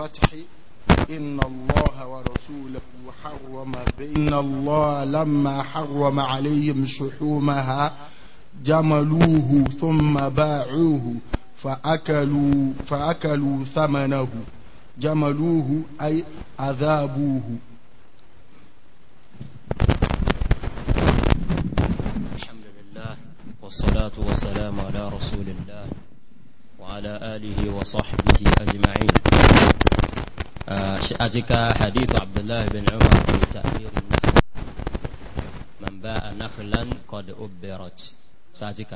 الفتح إن الله ورسوله حرم بين الله لما حرم عليهم شحومها جملوه ثم باعوه فأكلوا, فأكلوا ثمنه جملوه أي عذابوه الحمد لله والصلاة والسلام على رسول الله وعلى آله وصحبه أجمعين أتك آه، حديث عبد الله بن عمر في تأثير النخل من باء نخلا قد أبرت ساتك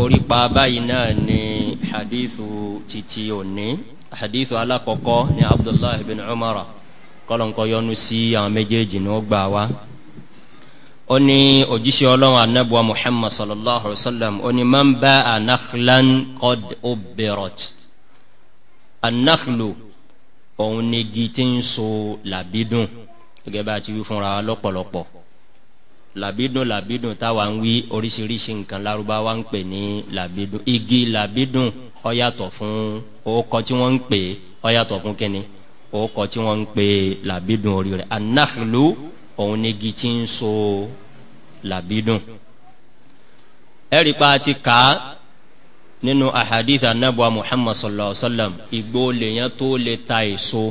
orípa báyìí náà ni hadithu titi òní hadithu alakọkọ ni abdullahi bin umar kọlọńkọ yọnu sí àwọn méjèèjì ní ó gbà wá ó ní òjíṣẹ́ ọlọ́run anábùwà muhammad sallallahu alayhi wa sallam ó ní man ba'a nakhlan qad ubbirat anakhlu òun ni igi tí ń so làbídùn gẹ́gẹ́ bá a ti wí fúnra lọ́pọ̀lọpọ̀ làbídùn làbídùn táwa ń wí oríṣiríṣi nǹkan lárúbáwá ń pè ní làbídùn igi làbídùn ó yàtọ̀ fún orúkọ tí wọ́n ń pè ó yàtọ̀ fún kínní orúkọ tí wọ́n ń pè làbídùn orí rẹ̀ anáfìlú òun ni igi tí ń so làbídùn. ẹ̀rí ti kà á nínú ahadith anabuwa muhammad sallallahu alaihi wa sallam igbó lèyàn tó lè ta èso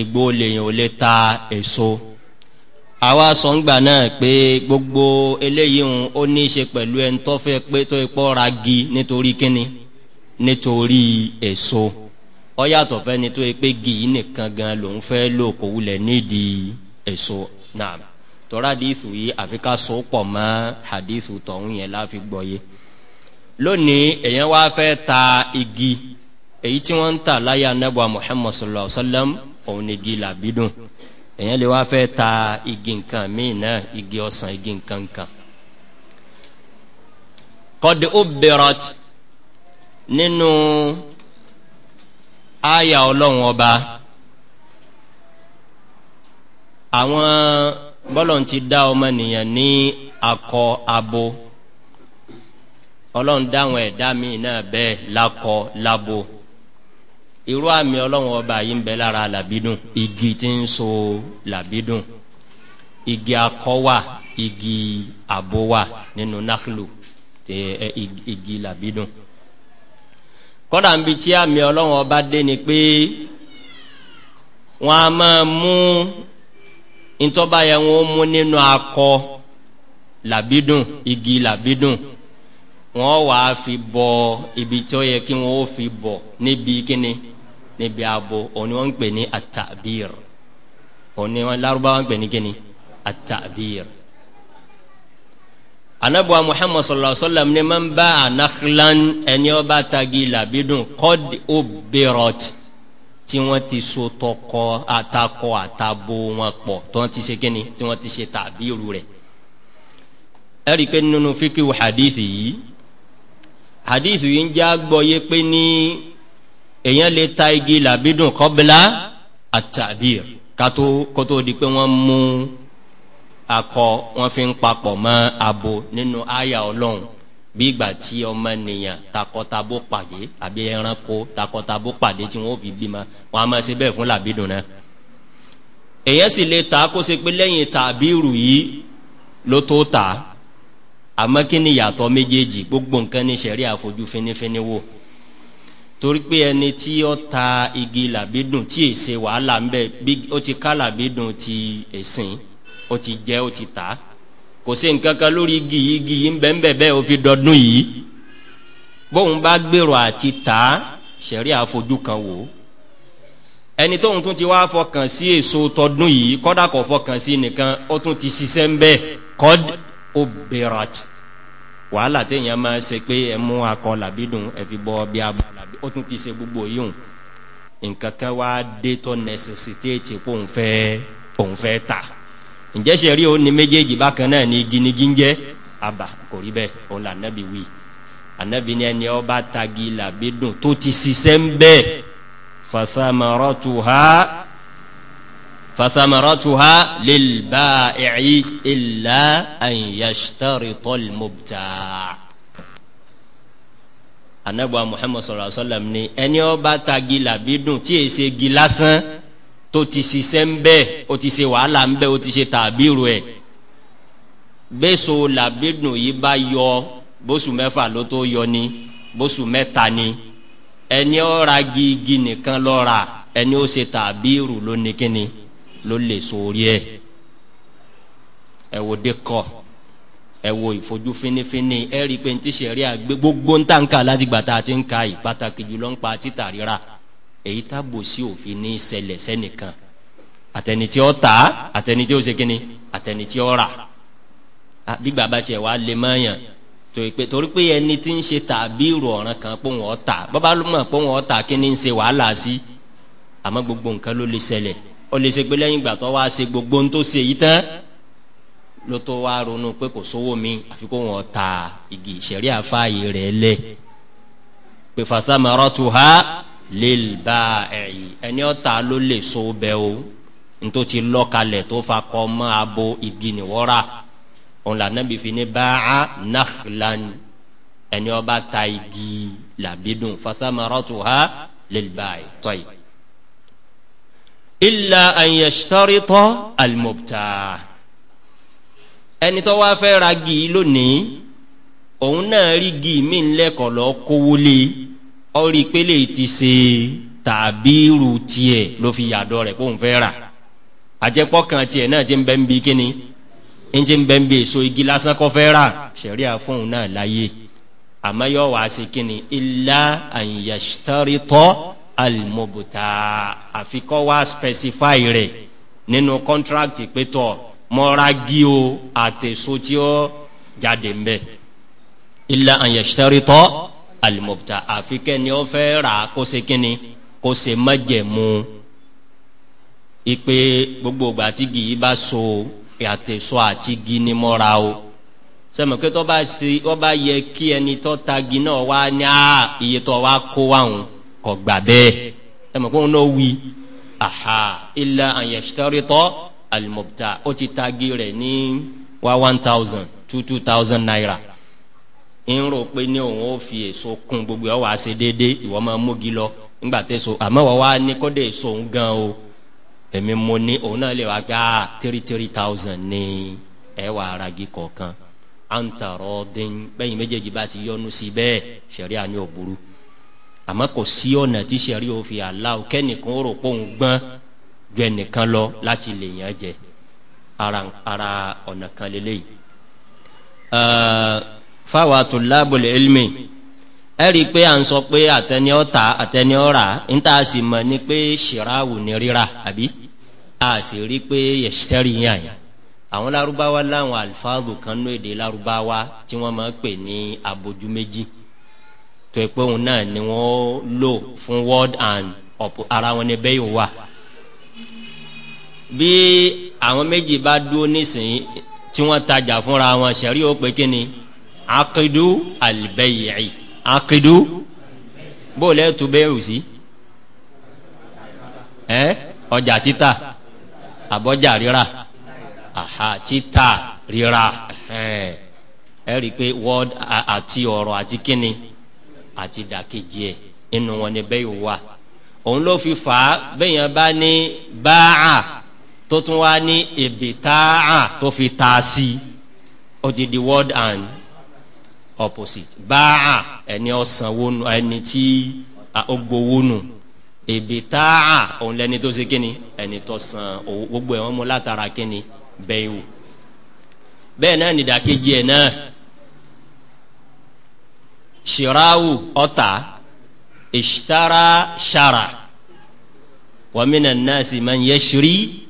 igbó lèyàn ò lè ta èso. E àwa sọ ń gbà náà pé gbogbo eléyìí ń ó ní í ṣe pẹ̀lú ẹni tó fẹ́ pé tó ipọ́ ra gi nítorí kíni nítorí èso ó yàtọ̀ fẹ́ni tó pé gi yìí nìkan gan lòún fẹ́ lò kó wulẹ̀ nídìí èso náà tọ́ra hadithu yìí àfi ká so pọ̀ mọ́ hadithu tọ̀hún yẹn láfi gbọ́ yé lónìí èèyàn wá fẹ́ ta igi èyí tí wọ́n ń tà láyé anábọ̀ Muhammad sallallahu alayhi wa sallam òun ni igi làbídùn. èyàn lè wá fẹ́ ta igi nǹkan míì náà igi ọsàn igi nǹkan nǹkan kọ́dé ó bẹ̀rọ̀t nínú àyà ọlọ́run ọba àwọn bọ́lọ̀ ti dá ọmọnìyàn ní akọ abo ọlọ́run dáwọn ẹ̀dá míì náà bẹ́ẹ̀ lakọ labo. La irú àmì ọlọ́run ọba yìí ń bẹ lára làbídùn igi tí ń so làbídùn igi akọ wà igi abo wà nínú náklù tẹ ẹ igi làbídùn kọ́dà ń bi tí àmì ọlọ́run ọba dé ni pé wọn a máa mú ntọ́ba yẹn wọ́n mú nínú akọ làbídùn igi làbídùn wa wàá fi bọ ibi tí ó yẹ kí wọn ó fi bọ níbi kíni. níbi abo òun ni wọ́n ń pè ní atabir òun ni wọ́n lárúbáwá ń ní kíni atabir. anabuwa muhammad sallallahu alaihi wa sallam ni man bá anakhlan ẹni ó bá tagi làbídùn qad ubirat tí wọ́n ti so tọkọ atakọ atabo wọn pọ̀ tí wọ́n ti ṣe kíni tí wọ́n ti ṣe tàbíru rẹ̀ ẹ̀rí pé nínú fíkì hadithi yìí hadithi yìí ń já gbọ́ yé pé ní èèyàn lè ta igi làbídùn kọ́bílá àtàbír kátó kótó di pé wọ́n mú akọ wọ́n fi ń papọ̀ mọ́ abo nínú àyà ọlọ́run bí ìgbà tí ọmọ nìyàn takọtabo pàdé àbí ẹranko takọtabo pàdé tí wọn ò fi bímọ wọn a máa ṣe bẹ́ẹ̀ fún làbídùn náà èèyàn sì lè ta kó ṣe pé lẹ́yìn tàbírù yìí ló tó ta àmọ́ kí ni ìyàtọ̀ méjèèjì gbogbo nǹkan ní sẹ̀rí àfojú finifini wò torí pé ẹni tí ó ta igi làbídùn tí èsè wàhálà ń bẹ bí ó ti ká làbídùn ti èsìn ó ti jẹ ó ti tà kò sí nǹkan kan lórí igi yìí igi yìí ń bẹ ń bẹ bẹ́ẹ̀ ó fi dọdún yìí bóun bá gbèrò àti tà sẹ̀rí àfojú kan wò ó ẹni tóun tún ti wá fọkàn sí èso tọdún yìí kọ́dà kò fọkàn sí nìkan ó tún ti ṣiṣẹ́ ń bẹ kọ́d obìnrin wàhálà téèyàn máa ṣe pé ẹ mú akọ làbídùn ẹ fi bọ́ bí abala ó tún ti ṣe gbogbo yìí hùn nǹkan kan wá dé tó nẹsẹsítéètì pé òun fẹ́ òun fẹ́ ta ǹjẹ́ ṣe o ní méjèèjì bákan náà ní igi ní gíńjẹ́ àbà kò rí bẹ́ẹ̀ òun là nábì wí ànábì ní ẹni ọba tagi làbí dùn ti ṣiṣẹ́ ń bẹ́ẹ̀ fathamaratuha fathamaratuha lil ba'i illa an anabuwa muhammad sallallahu alaihi wa sallam ni ẹni ọba tagi làbídùn tí èsè gi lásán tó ti ṣiṣẹ́ ń bẹ́ẹ̀ ó ti ṣe wàhálà ń bẹ́ẹ̀ ó ti ṣe tàbírù ẹ̀ bẹ́sọ̀ làbídùn yìí bá yọ bóṣù mẹ́fà lo tó yọ ni bóṣù mẹ́ta ni ẹni ọ̀ra gigi nìkan lọ́ra ẹni ó ṣe tàbírù ló ní kíni ló lè sọ orí ẹ̀ ẹ̀ wò ẹ wo ìfojú fínífíní ẹ rí i pé ntí sẹ̀rí àgbẹ̀ gbogbo ńta ń kà láti gbà tá a ti ń ka yìí pàtàkì jùlọ ń pa títà ríra èyí tábò sí òfin ní ṣẹlẹ̀ sẹ́nìkan àtẹnití ó ta àtẹnití ó ṣe kíni àtẹnití ó rà bí bàbá tiẹ̀ wá lè mọ́ yàn torí pé ẹni tí ń ṣe tàbí ìrò ọ̀ràn kan pé wọ́n ta bàbá ló mọ̀ pé wọ́n ta kí ni ń ṣe wàhálà sí àmọ́ gbogbo nǹkan ló lè ṣẹlẹ̀ ó lè ṣe pé lẹ́yìn ìgbà tó wá ṣe gbogbo ń tó ṣe yìí tán ló tó wá ronú pé kò sówó mi àfi kó wọn ta igi ìṣẹ̀rí àfáàyè rẹ̀ lẹ̀ pé fathamaratuha lil ba'i ẹni ọ̀tá ló lè so bẹ́ o ntó ti lọ́kalẹ̀ tó fa kọ́ mọ́ abo igi nìwọ́ra òun là nàbì fi ní ba'a nakhlan ẹni ọba ta igi làbídùn fathamaratuha lil ba'i tọ́yì illa an yashtarita al-mubta' ẹni tó wá fẹ́ ra gì lónìí òun náà rí gì mí lẹ́kọ̀ọ́ lọ kówó lé ọrí pélé ti ṣe tàbí ru tiẹ̀ ló fi yàdọ̀ rẹ̀ kó ń fẹ́ rà àjẹpọ̀ kan tiẹ̀ náà ti ń bẹ́ ń bi kíni ń ti ń bẹ́ ń bi èso igi lásán kọ́ fẹ́ rà ṣẹ̀ríà fóun náà láyé àmọ́ yóò wá sí kíni ilá àyàṣítárítọ́ àlùmọ̀bùtà àfikọ́ wá specify rẹ̀ nínú contract pé tọ́ mọ́ragí o àtẹ̀só tí jáde ń bẹ̀ illa an yashtarita al-mubta àfi kẹ́ni kose fẹ́ rà ipe gbogbo ìgbà tí igi yìí so àtẹ̀só àti ni mọ́ra o sẹ́mi pé tó bá ṣe ó bá yẹ kí ẹni tó ta igi náà wá ní iye tó wá kó wáhùn kọ̀ gbà bẹ́ẹ̀ náà wí aha illa an alimọ̀tà ó ti taagi rẹ̀ ní wá one thousand two two thousand naira ń rò pé ní òun ó fi èso kún gbogbo ẹ̀ wá ṣe déédéé ìwọ máa mógi lọ nígbà tẹ́ so àmọ́ wọ́n wá ní kó dé èso òun gan o èmi mo ní òun náà lè wá gbé a ah, three three thousand ní ẹ wà aragi kọ̀ọ̀kan antarọ̀ dín bẹ́yìn méjèèjì bá ti yọnu sí bẹ́ẹ̀ sẹ̀ríà ni ò burú àmọ́ kò sí ọ̀nà tí sẹ̀ríà ò fi àlá o kẹ́nìkan ó rò pé òun gbọ́n ju ẹnìkan lọ láti lè yàn jẹ ara ara ọ̀nà kan lélẹ́yìí. fáwa tó lábòlè elmi ẹ rí i pé à ń sọ pé àtẹni ọ̀tà àtẹni ọ̀rà ń tà sí mọ̀ ni pé ṣìráwù ni rírà àbí a sì rí i pé yẹ̀sítẹ́rì yàn yàn àwọn Lárúbáwá láwọn alifáàdù kan ní èdè Lárúbáwá tí wọ́n máa ń pè ní abojú méjì tó ẹ pé òun náà ni wọ́n lò fún word and ara wọn ni bẹ́ẹ̀ wà bí àwọn méjì bá dúró nísìnyí tí wọ́n tajà fúnra wọn sẹ̀rí ó pé kí akidu alibẹ́yìí akidu bó lẹ́ẹ̀ tó bẹ́ẹ̀rù sí ẹ ọjà títà àbọ̀jà rírà àhà títà rírà ẹ rí i pé word àti ọ̀rọ̀ àti kíni àti dàkejì ẹ̀ inú wọn ni bẹ́ẹ̀ wà òun ló fi fà á bẹ́ẹ̀ bá ní báà tó tún wá ní ìbìtáà tó fi ta sí ó ti di word and opposite báà ẹni ọ̀sánwó nu ẹni tí ó gbowó nu ìbìtáà òun lẹni tó ṣe kíni ẹni tó san gbogbo ẹ̀ mú látara kíni bẹ́ẹ̀ wò bẹ́ẹ̀ náà nìdákejì ẹ̀ náà shirawu ọ̀tá ishtara shara wa mina nasi man yashri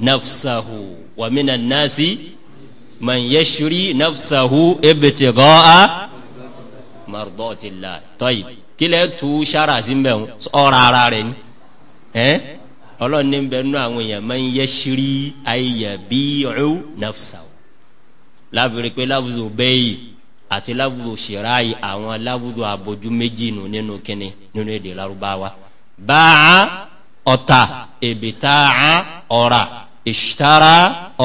nafsahu wa mina nasi man yashri nafsahu ibtigha'a mardatillah tọyi kílẹ̀ tu sara sí mbẹ́ ọ̀rọ̀ ara rẹ̀ ni ẹ́ ọlọ́run ní bẹ́ẹ̀ nú àwọn èèyàn man yashri ayabi'u nafsahu lábìrì pé lábùzù bẹ́yì àti lábùzù ṣìráyì àwọn lábùzù abojú méjì nù nínú kínní nínú èdè Lárúbáwá báà ọ̀tà èbìtà ọ̀rà ìṣtara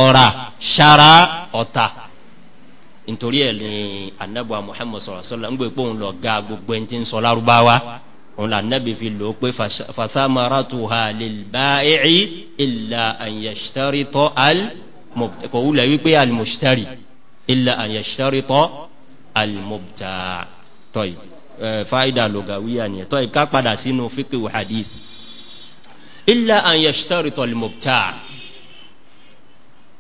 ọ̀ra ṣara ọ̀ta nítorí ẹ̀ ní anabu muhammed sọ̀rọ̀ sọ̀rọ̀ ń gbé pé òun lọ ga gbogbo ẹni tí ń sọ lárúbáwá òun là nàbì fi lò ó pé fathamaratuha lilba'i illa an yashtarita al kò wúlẹ̀ wípé al mushtari illa an yashtarita al mubta tọ́yì fáyidà lọ́gàwíyà nìyẹn tọ́yì ká padà sínú fíkì wàhálì illa an yashtarita al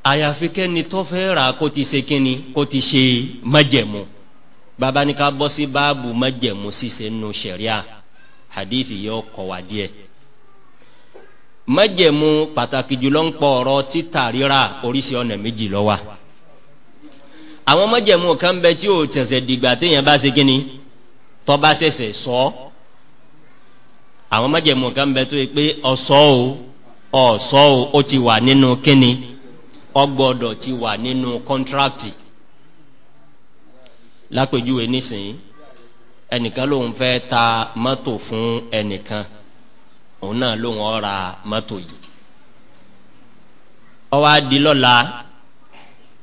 àyàfi kẹ́ni tó fẹ́ rà kó ti ṣe kíni kó ti ṣe májẹ̀mú baba ní ká bọ́ sí báàbù májẹ̀mú ṣíṣe nù sẹ̀ríà hadithi yóò kọ́ wa díẹ̀ májẹ̀mú pàtàkì jùlọ ń pọ̀ ọ̀rọ̀ títà rírà oríṣi ọ̀nà méjì ló wà àwọn májẹ̀mú kan bẹ tí o tẹ̀sẹ̀ dìgbà téèyàn bá ṣe kíni tó bá ṣẹ̀ṣẹ̀ sọ àwọn májẹ̀mú kan bẹ tó yẹ pé ọ̀sọ́ o ọ̀sọ́ o ó ti wà nínú kíni. ọgbọ́dọ̀ ti wà nínú kọntrakti lápèjúwe nísìnyí ẹnìkan lòun fẹ ta mọ́tò fún ẹnìkan òun náà lòun ọra mọ́tò yìí ó wá di lọ́la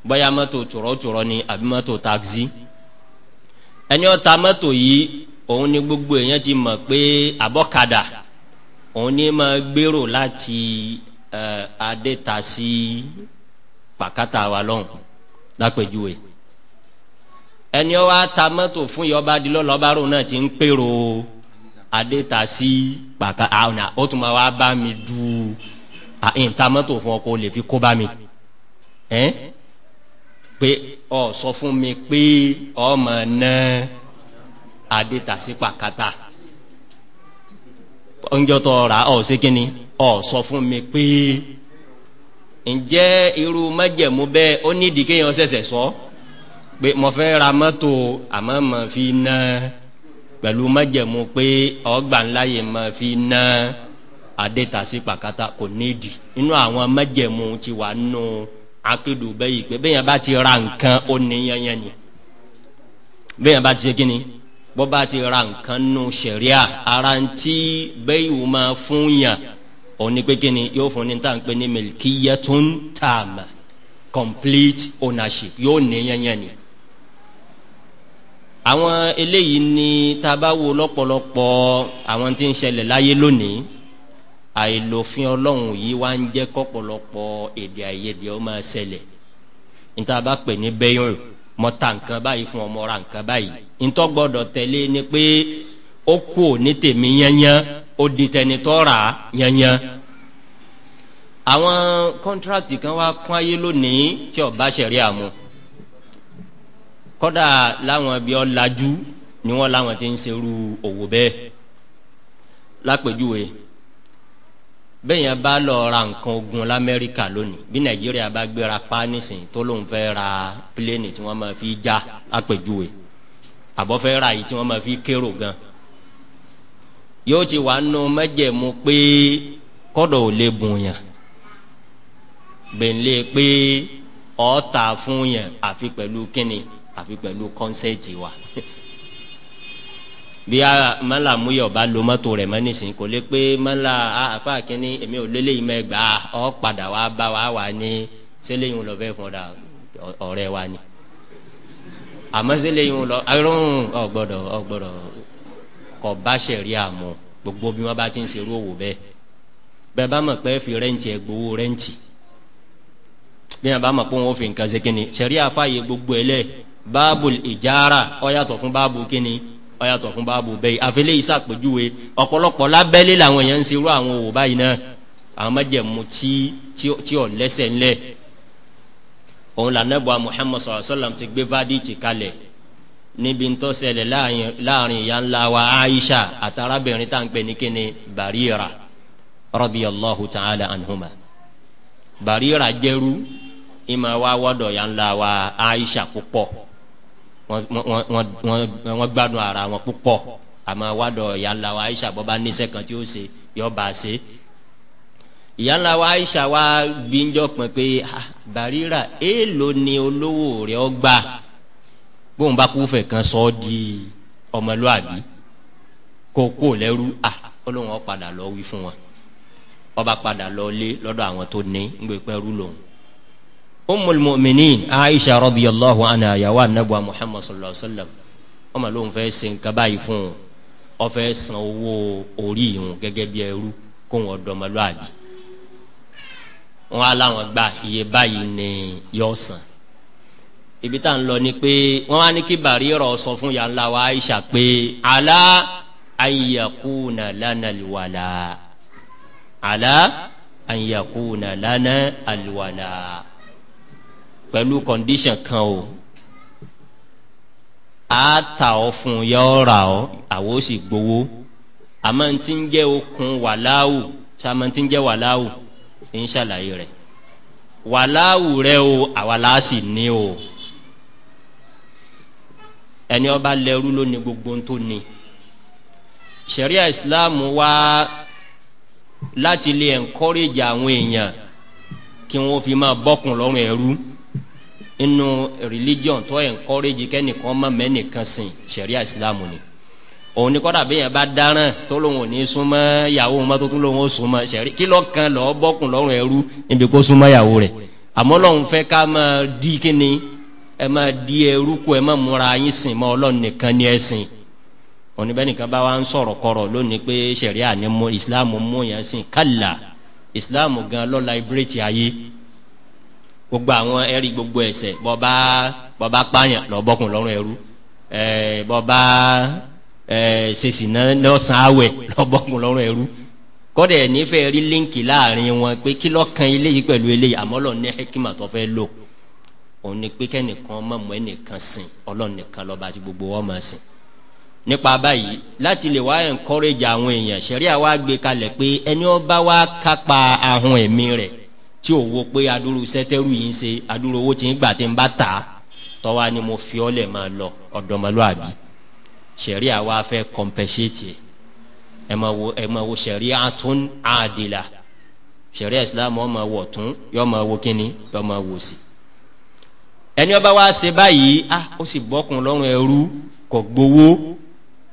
bóyá mọ́tò tùrọ̀tùrọ̀ ni àbí mọ́tò taxi ẹni ó ta mọ́tò yìí òun ni gbogbo èèyàn ti mọ̀ pé abọ́kadà òun ni máa gbèrò láti ẹ̀ adétasí. Uh, pàkátà wa lọ́hùn lápèjúwe ẹni ọ wa ta mọ́tò fún yọba dilọ́ lọ́ba rò náà ti ń pèrò adéta sí pàkà àwọn ó tún ma wa bá mi du àyìn ta mọ́tò fún ọ kó lè fi kó bá mi ẹ́ pé ọ sọ fún mi pé ọmọ náà adéta sí pàkátà ọ̀njọ́ tó ra ọ̀ sí kínní ọ sọ fún mi pé ǹjẹ́ irú májẹ̀mú bẹ́ẹ̀ ó nídìí kéèyàn ṣẹ̀ṣẹ̀ sọ pé mo fẹ́ ra mọ́tò àmọ́ mo fi ná pẹ̀lú májẹ̀mú pé ọgbà ńlá yẹn mo fi ná adétasí pàkátà kò nídìí inú àwọn májẹ̀mú ti wà nù akédù bẹ́yìí pé bẹ́yàn bá ti ra nǹkan ó ní yẹnyẹn ni bẹ́yàn bá ti ṣe kíni bọ́ bá ti ra nǹkan nù sẹ̀ríà ara bẹ́yìí wò máa fún yàn òun ni pé kíni yóò fún ní tá ń pè ní milkiyatun taama complete ownership yóò ní yẹnyẹn ni. àwọn eléyìí ni tá a bá wo lọ́pọ̀lọpọ̀ àwọn tí ń ṣẹlẹ̀ láyé lónìí àìlòfin ọlọ́run yìí wá ń jẹ́ kọ́pọ̀lọpọ̀ èdè àìyedè ó máa ṣẹlẹ̀ níta bá pè ní bẹ́yìn mo ta nǹkan báyìí fún ọmọ ra nǹkan báyìí ntọ́ gbọ́dọ̀ tẹ̀lé ni pé ó kú ò tèmi yányán oditẹnitọ ra yanyan àwọn kọntrakti kan wa kún ayé lónìí tí ó bá ṣẹ̀ríà mu kódà láwọn bí ó làjú ni wọn láwọn ti ń ṣerú òwò bẹ́ẹ̀ lápèjúwe bẹ́ẹ̀yẹn bá lọ ra nǹkan ogun l'Amẹ́ríkà lónìí bí Nàìjíríà bá gbéra pa nísìnyí tó lóun fẹ́ ra pílẹ́ẹ̀nì tí wọ́n máa fi já lápèjúwe àbọ̀fẹ́ ra yìí tí wọ́n máa fi kérò gan-an yóò ti wà nù mẹjẹmu pé kọdọ ò lè bùn yàn gbẹ̀nlẹ̀ pé ọ̀ọ́ta fún yàn àfi pẹ̀lú kínni àfi pẹ̀lú kọ́nsẹ́ẹ̀tì wa bí a mọ́là múyọ̀ bá lo mọ́tò rẹ̀ mọ́ nísìnyí kò lè pé mọ́là àfa kínní èmi ò lélẹ̀ yìí mẹ́gbà ọ́ padà wá bá wa wà ní sẹ́lẹ̀yìn lọ bẹ́ẹ̀ fún ọ̀rẹ́ wa ni àmọ́ sẹ́lẹ̀yìn lọ ọ̀gbọ́dọ̀ ọ̀gbọ́dọ̀ kò bá ṣẹ̀ríà mu gbogbo bí wọ́n bá ti ń ṣerú òwò bẹ́ẹ̀ bẹ́ẹ̀ bá mọ̀ pé fi rẹ́ǹtì ẹ̀ gbowó rẹ́ǹtì bí wọ́n bá mọ̀ pé wọ́n fi nǹkan ṣe kínni ṣẹ̀ríà fàyè gbogbo ẹ̀ lẹ̀ báàbù ìjára ó yàtọ̀ fún báàbù kínni ó fún báàbù bẹ́ẹ̀ àfẹlẹ́ yìí ṣàpèjúwe ọ̀pọ̀lọpọ̀ lábẹ́lé làwọn èèyàn ń ṣerú àwọn òwò báyìí náà àwọn májẹ̀mú tí ò lẹ́sẹ̀ ńlẹ̀ òun làǹdàbọ̀ Muhammad sallallahu alaihi wasallam níbi tó ṣẹlẹ̀ láàrin ìyá ńlá wa Aisha àtàràbìnrin tá à ń pè ní kíni Barira radiyallahu ta'ala anhuma Barira jẹ́rú ìmọ̀ wa wọ́dọ̀ ìyá ńlá wa Aisha púpọ̀ wọ́n gbádùn ara wọn púpọ̀ àmọ́ wádọ̀ ìyá ńlá wa Aisha bọ́ bá níṣẹ́ kan tí ó ṣe yọ ṣe ìyá ńlá wa Aisha wa gbíjọ́ pọ̀ pé ah, Barira èèlò ni olówó rẹ̀ ọ gbà. bóun bá kú fẹ́ kan sọ di ọmọlúàbí kó kó lẹ́rú à aha ọ padà lọ wí fún wọn ọba padà lọ lé lọ́dọ̀ àwọn tó ní ń gbé pẹ́rú lòun. Ummul mu'minin Aisha radiyallahu yawa anabuwa muhammadu sallallahu alaihi wa sallam ọmọ lóun fẹ́ ṣe nǹkan báyìí fún un san owó orí ìhun bí ẹrú kó wọn wọn san ibi tá à ń lọ ni pé wọn wá ní kí Barira sọ fún ya ńlá wa Aisha pé ala na lana alwala ala ayyakuna lana alwala pẹ̀lú kọ̀ndíṣàn kan o a ta ọ fún yọ ra ọ àwọn ó sì gbowó àmọ́ n ti ń jẹ́ okun wàláwù sàmọ́ n ti ń jẹ́ wàláwù ń ṣàlàyé rẹ̀ wàláwù rẹ o àwa la ní o ẹni ọba lẹ́rú ló ní gbogbo tó ní ṣẹ̀ríà ìsìláàmù wá láti lè ẹ̀ńkọ́rẹ́jì àwọn èèyàn kí wọ́n fi máa bọ́kùn lọ́rùn ẹ̀rú inú religion tó ẹ̀ńkọ́rẹ́jì kẹ́nìkan mọ̀ mẹ́nìkan sìn ṣẹ̀ríà ìsìláàmù ni òun ni kọ́dà bẹ́yẹn bá dáràn tó lóun ò ní súnmọ́ ìyàwó wọn tó tún lóun ó súnmọ́ ṣẹ̀rí kí lọ́kàn lọ́ọ́ bọ́kùn lọ́rùn ẹ̀rú níbi kó súnmọ́ ìyàwó rẹ̀ àmọ́ lọ́hùn fẹ́ ká máa dí kíni ẹ má di ẹrú kú ẹ má múra yín sìn mọ́ ọlọ́run nìkan ní ẹ̀sìn oníbẹ̀nìkan bá wa ń sọ̀rọ̀ kọ̀rọ̀ lónìí pé sẹ̀ríà ni mo islam mú yẹn sìn kálá islam gan ló liberate ayé gbogbo àwọn ẹ̀rí gbogbo ẹ̀ṣẹ̀ bọ́ba bọ́ba pààyàn lọ́bọ̀kùn lọ́rùn ẹrú ẹ̀ẹ́ bọ́ba ẹ̀ẹ́ ṣèṣìnà lọ́sàn-án àwẹ̀ lọ́bọ̀kùn lọ́rùn ẹrú kọ́dẹ̀ nífẹ̀ẹ́ rí líǹkì láàrin wọn pé kí lọ́kàn eléyìí pẹ̀lú eléyìí àmọ́ lọ́ọ̀ ní hekima tó fẹ́ lò òun ni pé kẹ́nìkan mọ̀mọ́ ẹnìkan sìn ọlọ́run nìkan lọ́ba tí gbogbo wọn máa sìn nípa báyìí láti lè wá encourage àwọn èèyàn ṣẹ̀ríà wa gbé kalẹ̀ pé ẹni ó bá wá kápá ahun ẹ̀mí rẹ̀ tí ò wo pé adúrú sẹ́tẹ́rù yìí ń ṣe adúrú owó tí ń gbà tí ń bá tà á tọ́wá ni mo fi ọ́ lẹ̀ máa lọ ọ̀dọ́mọlúàbí ṣẹ̀ríà wa fẹ́ compensate ẹ̀ ẹ máa wo ẹ máa wo ṣẹ̀ríà tún àdìlà ṣẹ̀ríà Islam ó wọ̀ tún yó máa wo kíni yó máa wo sí i ẹni ọba wa ṣe báyìí ah ó sì bọ́kùn lọ́rùn ẹrú kò gbowó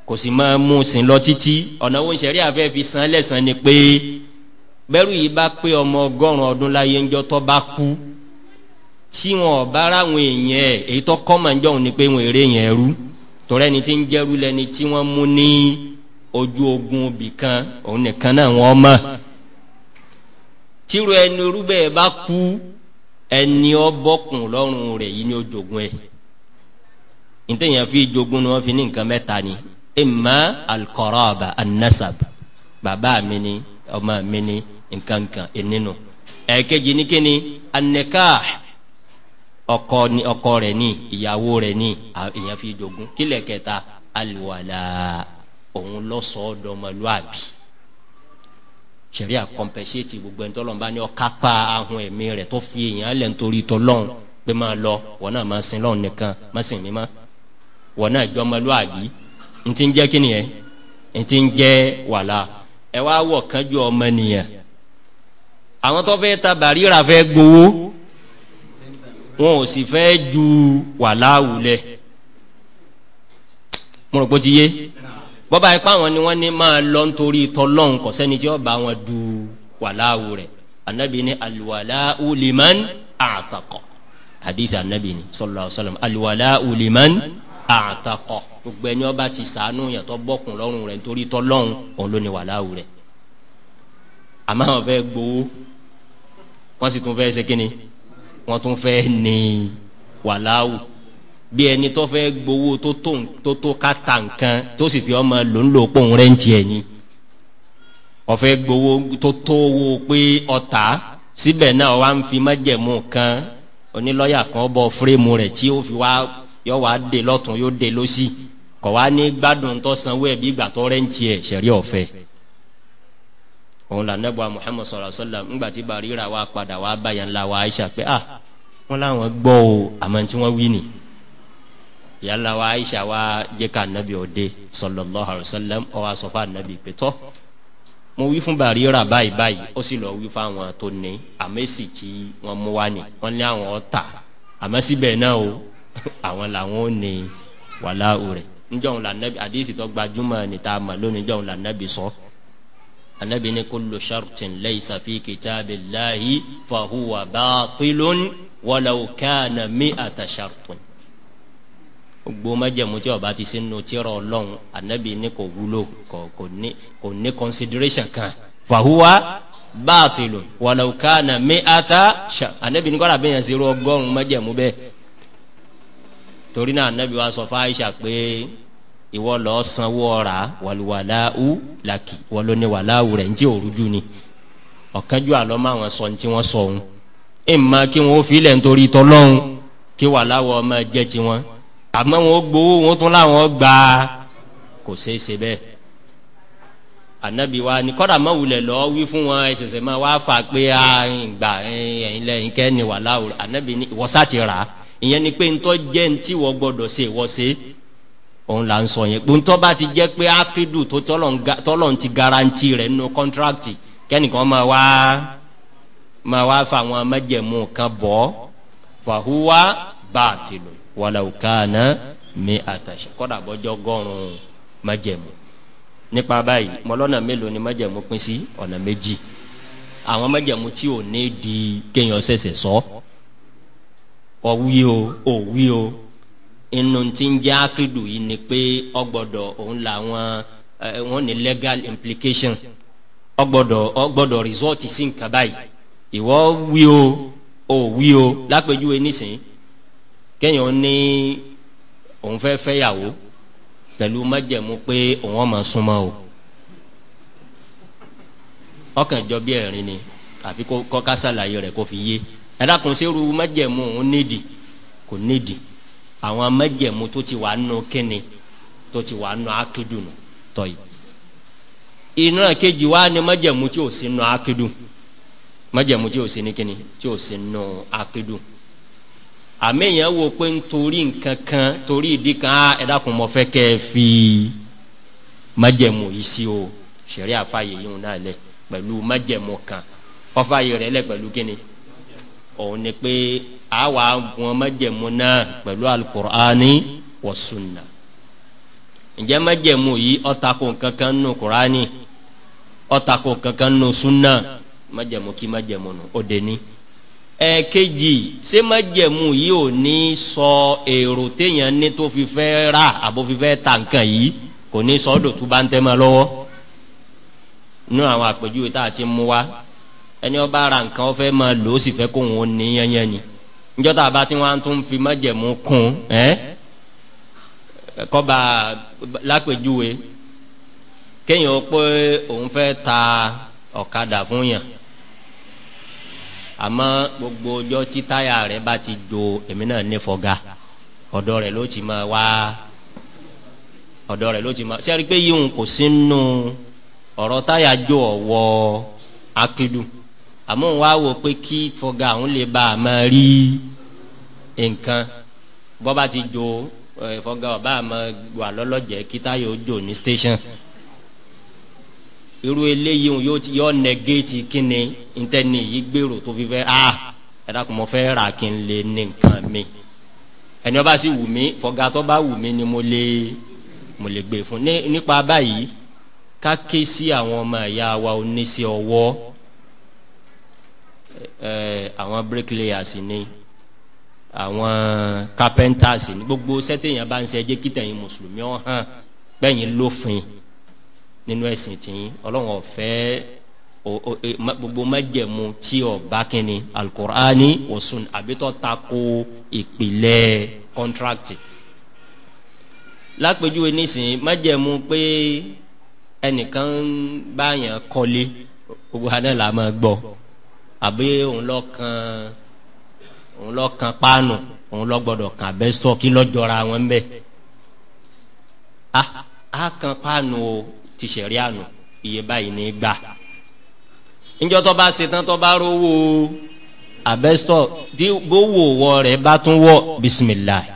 kò sì máa mú un sìn lọ títí ọ̀nà owó ìṣẹ̀rí àfẹ́ fi san lẹ́sàn-án ni pé bẹ́rù yìí bá pé ọmọ ọgọ́rùn-ún ọdún láyé ńjọ́ tó bá kú tí wọn bá ráwọn èèyàn ẹ̀ èyí tó kọ́ màá jọ̀hún ni pé wọn èrè yẹn rú tọ́lá ẹni tí ń jẹ́rú lẹni tí wọ́n mú ní ojú ogun òbí kan òun nìkan náà wọ́n mọ̀ tírú ẹni rú bẹ́ẹ̀ bá kú ẹni ọbọkùn lọ́rùn rẹ̀ yìí ni ó jogun ẹ ntẹ̀yìn fi jogun ni wọ́n fi ní nǹkan mẹ́ta ni imma al-qaraba an-nasab bàbá mi ni ọmọ mi ni nkankan ẹnìnú ẹ̀kejì ní kíni an ọkọ ni ọkọ rẹ̀ ni ìyàwó rẹ̀ ni ìyẹn fi jogun kílẹ̀ kẹta al-wala òun lọ́sọ̀ọ́ dọ́mọlúàbí. sẹ̀ríà kọ̀mpẹ́sẹ̀tì gbogbo ẹ̀ tọ́lọ́mbá ni ọ kápá ahun ẹ̀mí rẹ̀ tó fi èèyàn lẹ̀ nítorí tọ́lọ́hún pé máa lọ wọ́n náà máa sin lọ́hún nìkan má sìn mí má wọ́n náà jọ ọmọlúwàbí n ti ń jẹ́ kí nìyẹn n ti ń jẹ́ wàhálà ẹ wá wọ̀ kánjú ọmọ nìyẹn àwọn tó fẹ́ ta bàríra fẹ́ gbowó wọn ò sì fẹ́ ju wàhálà wulẹ̀ mo rò pé ó ti yé bọ́ba ipá wọn ni wọ́n ní máa lọ nítorí tọ́lọ́hún kò sẹ́ni tí ó bá wọn du wàláwù rẹ̀ anabi ni alwalau liman a'taqa hadith anabi ni sallallahu alaihi wasallam alwalau uliman a'taqa gbogbo ẹni ọba ti sànú yàtọ̀ bọ́kùn lọ́rùn rẹ̀ nítorí tọ́lọ́hún òun ló ní wàláwù rẹ̀ àmọ́ àwọn fẹ́ gbowó wọ́n sì tún fẹ́ ṣe kínni wọ́n tún fẹ́ ní wàláwù bí ẹni tó fẹ́ gbowó tó tó tó tó ká ta nǹkan tó sì fi ọmọ lòńlò pòun rẹ́ǹtì ẹ̀ ni ọ̀fẹ́ gbowó tó tó wo pé ọ̀tá síbẹ̀ náà wà ń fi májẹ̀mú kan onílọ́yà kan bọ fúrẹ́mù rẹ̀ tí ó fi wá yọ wá dé lọ́tún yóò dé lọ́sì kọ̀ wá ní gbádùn tó sanwó ẹ̀ ìgbà tó rẹ́ǹtì ẹ̀ ṣẹ̀rí ọ̀fẹ́ òun là nẹ́gbàá Muhammad sallallahu alaihi ńgbà tí bàrírà wa padà wá báyà ńlá wa Aisha pé ah wọn làwọn gbọ́ o àmọ́ tí wọ́n wí nìyí yàrá wa aisha wa jẹ́ ká anabi òde sallallahu alayhi wa sallam ó wá sọ fún anabi pé tọ́ mo wí fún Bàrírà báyìí báyìí ó sì lọ wí fún àwọn tó ní àmẹ́sì tí wọ́n mú wá ní wọ́n ní àwọn ọ̀tà àmọ́ síbẹ̀ náà o àwọn làwọn ò ní wàhálà rẹ̀ njọ́hun la nabi àdìsí tó gbajúmọ̀ ní tá a mọ̀ lónìí njọ́hun la nabi sọ anabi ní kullu shartin laysa fi kitabillahi fahuwa batilun walau kana mi'ata shartin gbogbo májẹ̀mú tí ó bá ti sínú tírà Ọlọ́run anabi ní kò wúlò kò ní kò ní consideration kan fahuwa baatilu walau kana mi'ata sha anabi ní kọ́ra bẹ́yẹn zero ọgọ́rùn májẹ̀mú bẹ́ẹ̀ torí náà anabi wa sọ fún Aisha pé ìwọ lọ sanwó ọ̀rà wàlúwàláwù làkì wọ́n ló ní wàláwù rẹ̀ ntí òrùjú ni ọ̀kánjú àlọ́ máa wọn sọ ntí wọ́n sọ òun ẹ̀ máa kí wọ́n fi ilẹ̀ nítorí tọ́lọ́hún kí wàláwù ọmọ jẹ́ tiwọn àmọ́ wọn gbowó wọn tún láwọn gbà á kò ṣeé ṣe bẹ́ẹ̀ anabi wa ni kọ́dà má wulẹ̀ lọ wí fún wọn ẹsẹ̀sẹ̀ máa wá fà pé a gbà ẹ̀yin lẹ́yìn kẹ́ni wà láwùrọ̀ anabi ni ìwọ́sà ti rà á ìyẹn ni pé ntọ́ jẹ́ ntí wọ́ gbọ́dọ̀ ṣe wọ́ ṣe òun là ń sọ yẹn ntọ́ bá ti jẹ́ pé akidu tó tọ́lọ̀ ti garanti rẹ̀ nínú kọ́ntrákìtì kẹ́nìkan máa wá máa wá fà wọn májẹ̀mú kan bọ́ fàhùwà bá a ti lò walau kana mi àtàṣe kọ́dà bọ́jọ́ gọ́rùn-ún májẹ̀mú nípa báyìí mọlọ́nà mélòó ni májẹ̀mú pín si ọ̀nà méjì àwọn májẹ̀mú tí ò ní di kéèyàn ṣẹ̀ṣẹ̀ sọ ọ̀wí o òwí o inú ti ń jẹ́ ákédù yìí ni pé ọgbọ́dọ̀ òun làwọn wọn ní legal implication ọgbọ́dọ̀ ọgbọ́dọ̀ result sí nǹkan báyìí ìwọ wí o òwí o lápèjúwe nísìnyí kéèyàn ní òun fẹ́ fẹ́yàwó pẹ̀lú májẹ̀mú pé òun ọmọ súnmọ́ o ọkàn jọ bí ẹ̀rín ni àfi kọ́ ká ṣàlàyé rẹ̀ kó fi yé ẹ̀dá kan ṣerú májẹ̀mú òun nídìí kò nídìí àwọn májẹ̀mú tó ti wà nù kíni tó ti wà nù akédùn tọ́yì iná kejì wa ni májẹ̀mú tí ò sí nù akédùn májẹ̀mú tí ò sí ní kíni tí ò sí nù akédùn àmẹ́yàn wo pé nítorí nǹkan kan torí ìdí kan ah, ẹ dákun mọ́ fẹ́ kẹ́ ẹ fi májẹ̀mú yìí sí o sẹ̀rí àfààyè yìí náà lẹ̀ pẹ̀lú májẹ̀mú kan ọ̀fààyè rẹ̀ lẹ̀ pẹ̀lú kíni òun ni pé àwa wọn májẹ̀mú náà pẹ̀lú alukur'ani wa sunna ǹjẹ́ májẹ̀mú yìí ó tako kankan nù kur'ani ó tako kankan nù sunna májẹ̀mú kí májẹ̀mú nù ó deni. No ẹ̀ẹ̀kejì ṣé májẹ̀mú yìí ò ní sọ èrò téèyàn ní tó fi fẹ́ rà àbò fi fẹ́ ta nǹkan yìí kò ní sọ ọ́dọ̀ tó bá ń tẹ́mọ lọ́wọ́ nínú àwọn àpèjúwe tá a ti mú wa ẹni ó bá nǹkan ó máa lò ó sì fẹ́ kó òun ní yẹnyẹn ni níjọ́ tá a bá ti wá tó ń fi májẹ̀mú kún kọ́ba lápèjúwe kéèyàn pé òun fẹ́ ta ọ̀kadà fún yàn àmọ́ gbogbo ọjọ́ tí táyà rẹ̀ bá ti jo èmi náà ní fọ́gà ọ̀dọ̀ rẹ̀ ló ti máa wá ọ̀dọ̀ rẹ̀ ló ti máa sẹ́rí pé yíyún kò sínú ọ̀rọ̀ táyà jo ọ̀wọ́ akidu àmọ́ òun wá wò pé kí fọ́gà òun lè bá a máa rí nǹkan bọ́ bá ti jo fọ́gà ọ̀bá àmọ́ wà lọ́lọ́jẹ́ kí táyà ó jò ní station. station irú eléyìí òun yóò ti yọ nẹgẹ́tì kínni ntẹ́ni yìí gbèrò tó fi fẹ́ a ah, ẹ̀dá kò mọ fẹ́ rà kí n lè ní nǹkan mi ẹni ọba sì wù mí fọgàtọ́ bá wù mí ni mo lè mo lè gbé fún nípa báyìí ká ké sí àwọn ọmọ ẹ̀yà wa oníṣẹ́ ọwọ́ ẹ̀ àwọn bricklayers ni àwọn carpenters ni gbogbo sẹ́tẹ̀yìn bá ń ṣe ẹjẹ́ kí tẹ̀yìn mùsùlùmí ọ̀hán bẹ́yìn lófin nínú ẹ̀sìn tí ọlọ́run ọ̀fẹ́ e, gbogbo májẹ̀mú tí ó bá kínni alukur'ani osun àbítọ́ tako ìpìlẹ̀ kọ́ntrakti lápèjúwe nísìnyí májẹ̀mú pé ẹnìkan báyàn kọ́lé gbogbo àná là máa gbọ́ àbí òun lọ kan òun lọ kan páànù òun lọ gbọ́dọ̀ kan abẹ́sítọ́ kí lọ́jọ́ra wọn bẹ́ẹ̀ ah, a kan páànù o ti sẹ̀rí àná iye báyìí ní gbà níjọ́ tó bá ṣetán tó bá rówó abẹ́sítọ̀ bó wò wọ rẹ̀ bá tún wọ̀ bisimilayi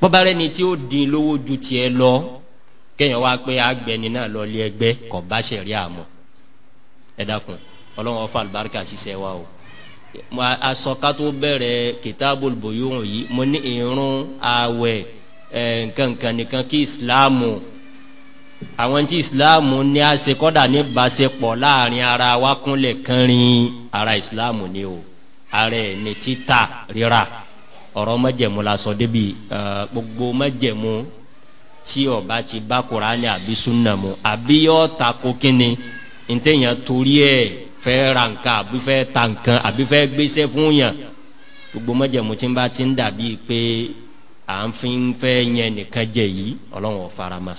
bọ́ba rẹ̀ ni tí ó dín lówó ju tiẹ̀ lọ kéèyàn wá pé agbẹni náà lọ lé ẹgbẹ́ kò bá sẹ̀rí àmọ́ ẹ dákun ọlọ́run ọ̀fà àlùbáríkà ṣiṣẹ́ wa o asọkató bẹ̀rẹ̀ kitabul buyun yìí mo ní irun àwẹ̀ nǹkan nìkan kí ìsìláàmù àwọn tí ìsìláàmù ní a ṣe kọ́dà ní baṣepọ̀ láàrin ara wa kúnlẹ̀ kánrin ara ìsìláàmù ni o ara ẹ̀ ní títà rírà ọ̀rọ̀ mẹ́jẹ̀mú la sọ débi gbogbo mẹ́jẹ̀mú tí ọba ti bá Kùránì àbí súnà àbí yọ ta ko kíni ntẹ̀yàn torí ẹ̀ fẹ́ ra nǹkan àbí fẹ́ ta nǹkan àbí fẹ́ gbéṣẹ́ fún yàn gbogbo mẹ́jẹ̀mú tí ń bá ti ń dàbí pé à ń fi ń fẹ́ yẹn nìkan jẹ yìí ọlọ́run ò fara mọ́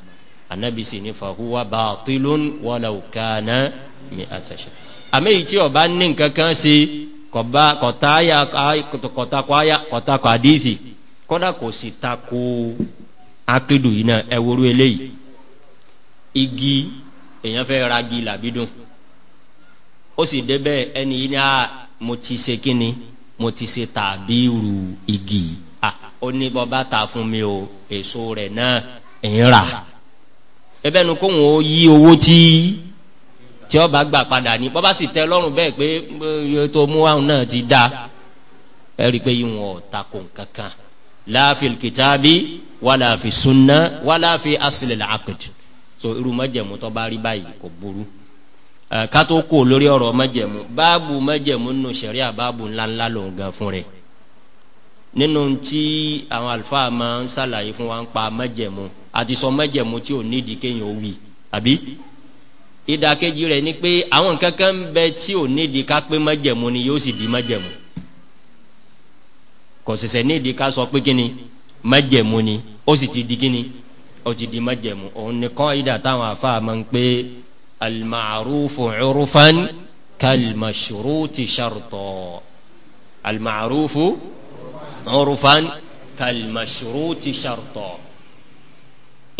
anabi sì ní fahuwa baatilun walaw kana mi àtàṣà. àmì yìí tí ọba ní nǹkan kan ṣe kọba kọtaaya kọtakwaya kọtakọ àdìsí kọ́dà kò sì takò akédù yìí náà ẹ wúru eléyìí igi èèyàn fẹ́ ra igi làbí dùn ó sì débẹ̀ ẹni yìí ní a ah, mo ti ṣe kíni mo ti ṣe tàbí ru igi a ah, ó ní bọ́ bá ta fún mi o èso rẹ̀ náà ń rà ẹbẹ nu kó wọn yí owó tí tí ọba gbà padà ní bọ́bá sì tẹ lọ́rùn bẹ́ẹ̀ pé iye tó mú àwọn náà ti da ẹ rí i pé ìwọ̀n ọ̀tako kankan láàfin kìtàbí wàlà fi sunna wàlà fi asilẹ̀ àkùd so irú májẹ̀mú tó bá rí báyìí kò burú kátó kó lórí ọ̀rọ̀ májẹ̀mú báàbù májẹ̀mú nù sẹ̀ríà báàbù ńláńlá lòun gan fún rẹ̀ nínú tí àwọn àlùfáà máa ń sàlàyé fún wa ń pa májẹ̀mú àtisọ mẹjẹmú tí ò nídìí kéèyàn ó wí àbí ìdàkejì rẹ̀ ni pé àwọn nǹkan kan ń bẹ tí ò nídìí ká pé mẹjẹmú ni yóò sì di mẹjẹmú kò ṣẹ̀ṣẹ̀ nídìí ká sọ pé kíni mẹjẹmú ni ó sì ti di kíni ó ti di mẹjẹmú òun ni ìdà táwọn afa ń pé al-ma'rufu 'urfan kal-mashruti sharto al-ma'rufu 'urfan kal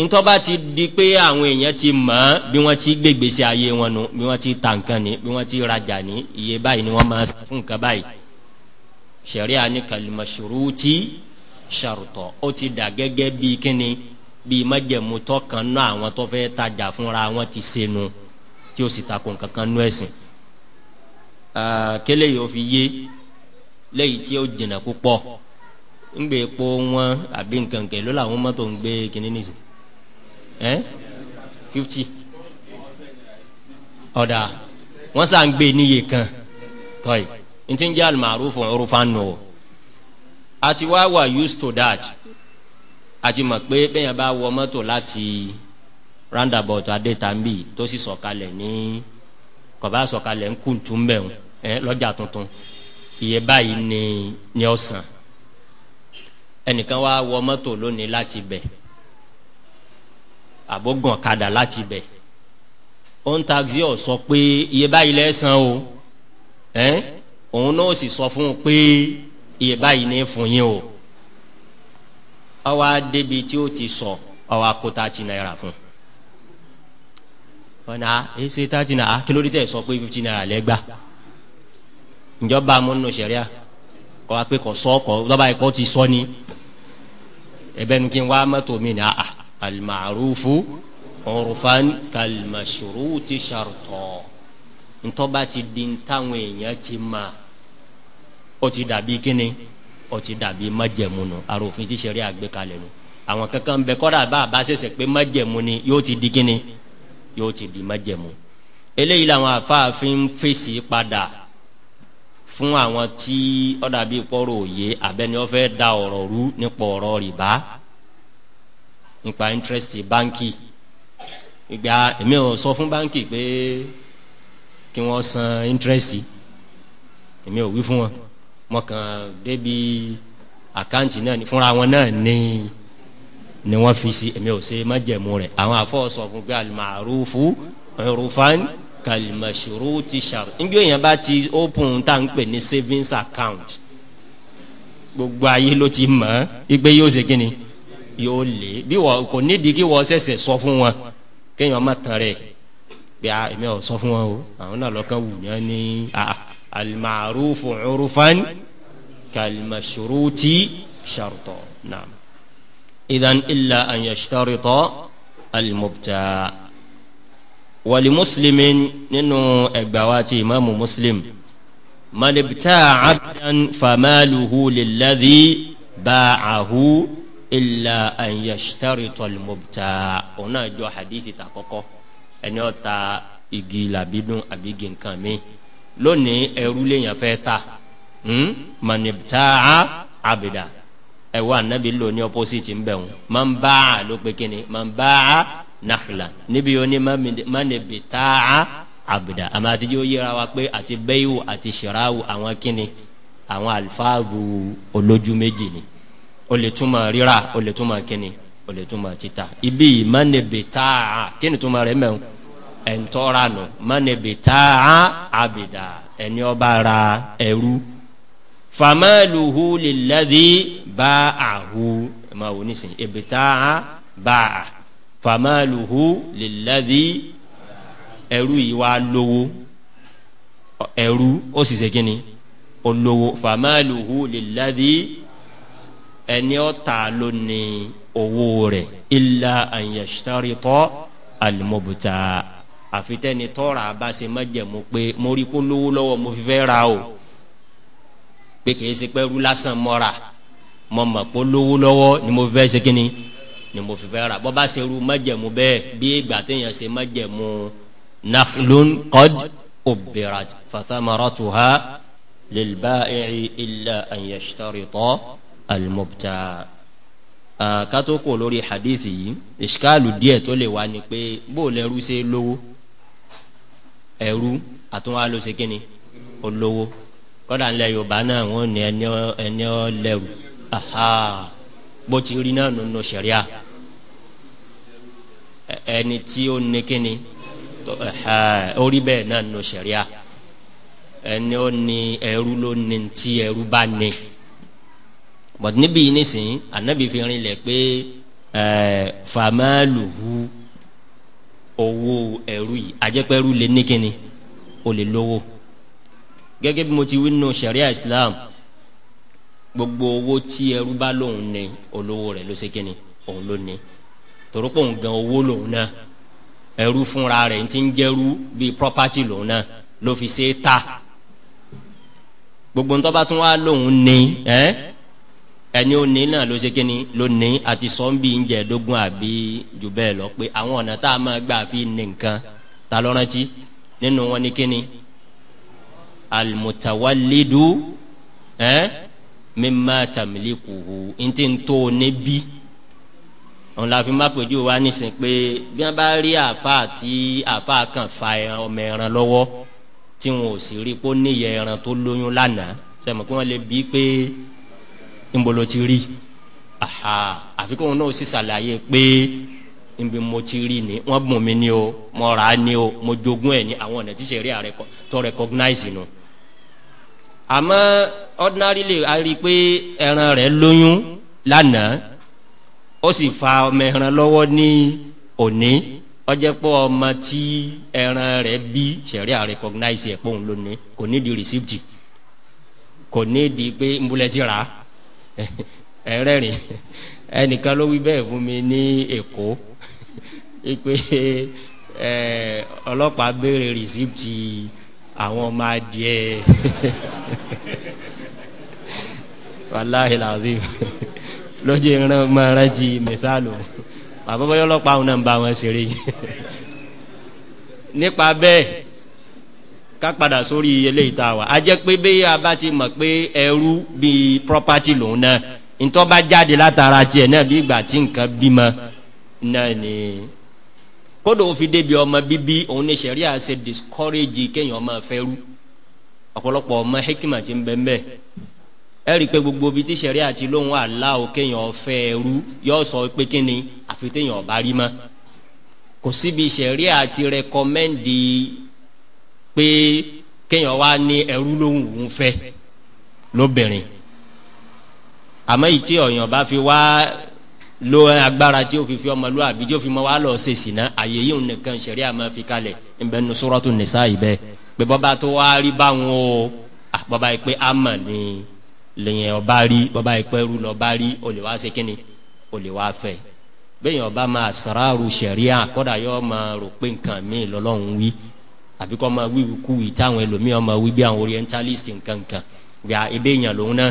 ntọ́ba ti di pé àwọn èèyàn ti mọ̀ ọ́ bí wọ́n ti gbègbè sí ayé wọn nu bí wọ́n ti ta nǹkan ni bí wọ́n ti rajà ní iye báyìí ni wọ́n máa san fún nǹkan báyìí sẹ̀ríà ní kalimasuru ti sàrùtọ̀ ó ti dà gẹ́gẹ́ bí kíni bí májẹ̀mútọ́ kan ná àwọn tó fẹ́ tajà fúnra wọn ti senu tí ó sì takò nǹkan kan nú ẹ̀sìn kele yìí ó fi yé léyìí tí ó jìnnà púpọ̀ ń gbé epo wọn àbí nǹkan kẹ̀ ló mọ́tò ń gbé kíní nìyí. Eh? fifty ọ̀dà wọ́n sàn gbé níye kan tọ́yì ntí ń jẹ́ al-ma'ruf urfan nù ọ́ àti wá wà used to that àti mọ̀ pé bẹ́ẹ̀ bá wọ mọ́tò láti roundabout adétambì tó sì sọ̀kalẹ̀ ní kọ̀bá sọ̀kalẹ̀ ń kùntùn bẹ́ẹ̀ ẹ eh, lọ́jà tuntun iye báyìí ni ni ọ̀sán ẹnìkan wá wọ mọ́tò lónìí láti bẹ̀ àbọ̀gàn kadà láti bẹ̀ òun taxi ọ̀ sọ pé iye báyìí lẹ́sàn o ẹ́n òun náà sì sọ fún un pé iye báyìí ní fún yín o ọwọ́ débi tí ó ti sọ ọwọ́ akóta ti náírà fún wọn náà èsì tààtì náà kílódé tẹ̀ sọ pé fifty náírà lẹ́gbàá ìjọba amúnú sẹ̀ríà kọ́ wa pé kò sọ kọ́ lọ́ba ẹ̀kọ́ ti sọ ni ẹ̀bẹ́nu kí n wá mọ́tò mi ní àà alimarufu urfan kalimasuruti shartọ ntọba ti di ntawọn èèyàn ti ma ó ti dàbí kíni ó ti dàbí májẹ̀mú nu aròfin ti ṣẹ̀ríà gbé kalẹ̀ nu àwọn kankan bẹ kódà bá a bá ṣẹ̀ṣẹ̀ pé májẹ̀mú ni yóò ti di kíni yóò ti di májẹ̀mú eléyìí làwọn afáàfin fèsì padà fún àwọn tí ó dàbí pọ́rọ̀ òye abẹ́ni da ọ̀rọ̀ rú nípa ọ̀rọ̀ rìbá nípa interest banki, ìgbà èmi ò sọ fún báńkì pé kí wọ́n san interest èmi ò wí fún wọn mo débi àkáǹtì náà fúnra wọn náà ní ni wọ́n fi sí èmi ò ṣe májẹ̀mú rẹ̀ àwọn àfọwọ́sọ fún pé alimarufu ẹrùfán kalimasuru ti ṣàrò níjó yẹn bá ti open tá à ń pè ní savings account gbogbo ayé ló ti mọ̀ ẹ́ igbe yóò ṣe kí ni yóò lé bí wọ́n kò nídìí kí wọ́n ṣẹ̀ṣẹ̀ sọ fún wọn kéèyàn má tán rẹ̀ pé a èmi ò sọ fún wọn o àwọn náà lọ́kàn wù yẹn ní alimarufu urufan kalimasuruti sharutọ naam idan illa an yashtarita alimubta wali muslimin nínú ẹgbawaati imaamu muslim manibta abdan famaluhu lilladhi baacahu illa an yashtarita al-mubta òun hadithi ta kọ́kọ́ ẹni ó ta igi làbídùn àbí igi nǹkan mi lónìí ẹrú lèèyàn fẹ́ ta mọ̀nìbítà àbìdà ẹ̀wọ́ ànábì lò ní opposite ń bẹ̀ wọn máa ń bá a ló pe kíni máa ń bá a nàkìlà níbi yóò ní mọ̀nìbítà àbìdà àmọ́ wa pé àti bẹ́yìwò àti ṣìráwò àwọn kíni àwọn àlùfáàvù olójú ni o lè túmọ̀ rírà o lè túmọ̀ kíni o lè túmọ̀ títà ibi yìí mánebe táà kíni túmọ̀ rẹ̀ mẹ́wọ́n ẹ̀ńtọ́ra nù mánebe táà àbìdá ẹni ọba ra ẹrú famaluhu lilladhi ba'ahu ẹ̀ máa wò nísìnyí ebi táà ba'a famaluhu lilladhi ẹrú yìí wá lówó ẹrú ó sì ṣe kíni olówó famaluhu lilladhi ẹni ọ ta ló ní owó rẹ̀ illa an yashtarita al-mubta àfitẹ́ni tọ́ra abáṣe mọ́jẹ̀mú pé mo rí kó lówó lọ́wọ́ mo fi fẹ́ ra o pé kìí ṣe pé rú lásán mọ́ra mo mọ̀ kó lówó lọ́wọ́ ni mo fi fẹ́ ṣe kínní ni mo fi fẹ́ ra bọ́ bá ṣe rú mọ́jẹ̀mú bẹ́ẹ̀ bí ìgbà téèyàn ṣe mọ́jẹ̀mú nakhlun qad ubbirat fathamaratuha lil ba'i illa an yashtarita al-mubta' kátó kò lórí hadithi yìí ìṣkáàlù díẹ̀ tó lè wá ni pé bó o lẹ́rú ṣe lówó ẹ̀rú àtúnwá ló ṣe kíni olówó kọ́dà ńlẹ̀ yorùbá náà wọ́n ní ẹni ọ lẹ́rú bó ti rí náà nínú ṣẹ̀ríà ẹni tí ó ní kíni orí bẹ́ẹ̀ náà nínú ṣẹ̀ríà ẹni ó ní ẹrú ló ní ti ẹrú bá ní but níbi yìí nísìnyí anabi fi rin lẹ̀ pé ẹẹ famaluhu owó ẹrú yìí ajẹpẹrú lè ní kíni o lè lówó gẹ́gẹ́ bí mo ti wí nù sharia islam gbogbo owó tí ẹrú bá lóun ní olówó rẹ̀ ló ṣe kíni òun ló ní torópò ń gan owó lòun náà ẹrú fúnra rẹ̀ ti ń jẹrú bíi property lòun náà ló fi ṣe é ta gbogbo ntọ́ bá tún wá lóun ní ẹ́. Eh? ẹni ó ní náà ló ṣe kí ni ló ní àti sọ́ńbì ń jẹ́ dógún àbí jù bẹ́ẹ̀ lọ pé àwọn ọ̀nà tá a máa gbà fi ní nǹkan ta ló rántí nínú wọn ni kí ni almutawallidu ẹ mimma tamlikuhu ntí ń tó níbí òun la fi má pèjú wa nísìn pé bí wọn bá rí àáfàá tí àáfàá kan fa ọmọ ẹran lọ́wọ́ tí wọn ò sì rí kó níyẹ ẹran tó lóyún lánàá sẹ́mi kí wọ́n lè bí pé nbolo ti rí aha àfikún náà sì ṣàlàyé pé nbí mo ti rí ni wọn bùn mí ni o mo rà á ni o mo jogún ẹ ni àwọn ọ̀nà tí sẹ̀rí àrẹ tó recognize nu àmọ́ ordinary a rí i pé ẹran rẹ̀ lóyún lánàá ó sì fa ọmọ ẹran lọ́wọ́ ní òní ọjẹ́ pé ọmọ tí ẹran rẹ̀ bí sẹ̀rí à recognize ẹ̀ pé òun lónìí kò ní di receipt kò ní di pé nbúlẹ̀ ti rà á ẹ̀rẹ́rìn ẹnìkan ló wí bẹ́ẹ̀ fún mi ní Èkó pé ọlọ́pàá béèrè rìsíptì àwọn ọmọ adìẹ wàláhìí làwọn lójú ìran máa rántí mẹ́sàlù bàbá bọ́yọ́ ọlọ́pàá àwọn náà ń bá wọn ṣeré nípa bẹ́ẹ̀ ká padà sórí eléyìí tá a wà á jẹ́ pé bẹ́ẹ̀ a bá ti mọ̀ pé ẹrú bíi property lòun náà ntọ́ bá jáde látara tiẹ̀ náà bí ìgbà tí nǹkan bímọ náà ni kódò òfin débi ọmọ bíbí òun ní sẹ̀ríà ṣe discourage kéèyàn máa fẹ́ ọ̀pọ̀lọpọ̀ ọmọ hekima ti ń bẹ́ẹ̀ bẹ́ẹ̀ ẹ rí i pé gbogbo ibi tí sẹ̀ríà ti lóhùn aláwo kéèyàn fẹ́ rú yóò sọ pé kí ni àfi téèyàn bá rí mọ́ kò síbi sẹ̀ríà ti rẹkọmẹ́ndì pé kéèyàn wá ní ẹrú lóhùn òun fẹ́ lóbìnrin àmọ́ ìtí ọ̀yàn bá fi wá lo agbára tí ó fi fi ọmọlúwàbí tí ó fi mọ wá lọ ṣe sìnà àyè yìí nìkan ṣẹ̀rí àmọ́ fi kalẹ̀ ńbẹ nu Suratu Nisa yìí bẹ́ẹ̀ pé bọ́ba tó wá rí báwọn o bọ́ba yìí pé ama ni lèyìn ọba rí bọ́ba yìí pé rú lọ́ba rí o lè wá ṣe kínni o lè wá fẹ́ bẹ́ẹ̀ ọba máa sàràrù ṣẹ̀ríà kọ́dà yọ ọmọ rò pé nǹkan mi lọ́lọ́run wí àbí kọ́ máa wíwí kú wí táwọn ẹlòmíràn máa wí bí àwọn orientalist nkankan gba ebe yàn lòun náà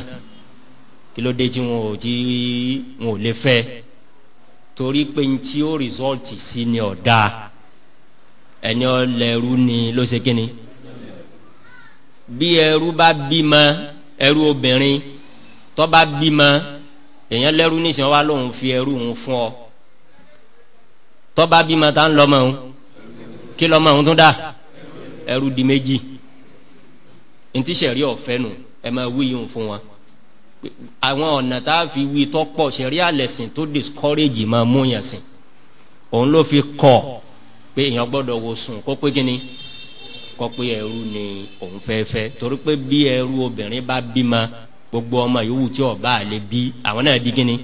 kí ló dé tí wọn ò tí wọn ò lè fẹ́ torí pé n tí ó result sí ni ọ̀dà ẹni ọlẹ́rú ni ló ṣe kíni bí ẹrú bá bímọ ẹrú obìnrin tó bá bímọ èèyàn lẹ́rú nísìnyí wá lóun fi ẹrú òun fún ọ tó bá bímọ tá ń lọ́mọ òun kí lọ́mọ òun tún dá ẹrú di méjì ntí sẹ̀rí ọ̀fẹ́ nù ẹ máa wí yìí fún wa àwọn ọ̀nà tá a fi wí tọ́pọ̀ sẹ̀rí àlẹ̀sìn tó discourage máa mú yàn sìn òun ló fi kọ̀ pé èèyàn gbọ́dọ̀ wò sùn kó pé kíni kọ́ pé ẹrú ni òun fẹ́ fẹ́ torí pé bí ẹrú obìnrin bá bímọ gbogbo ọmọ yòówù tí ọba àlè bí àwọn náà di kíni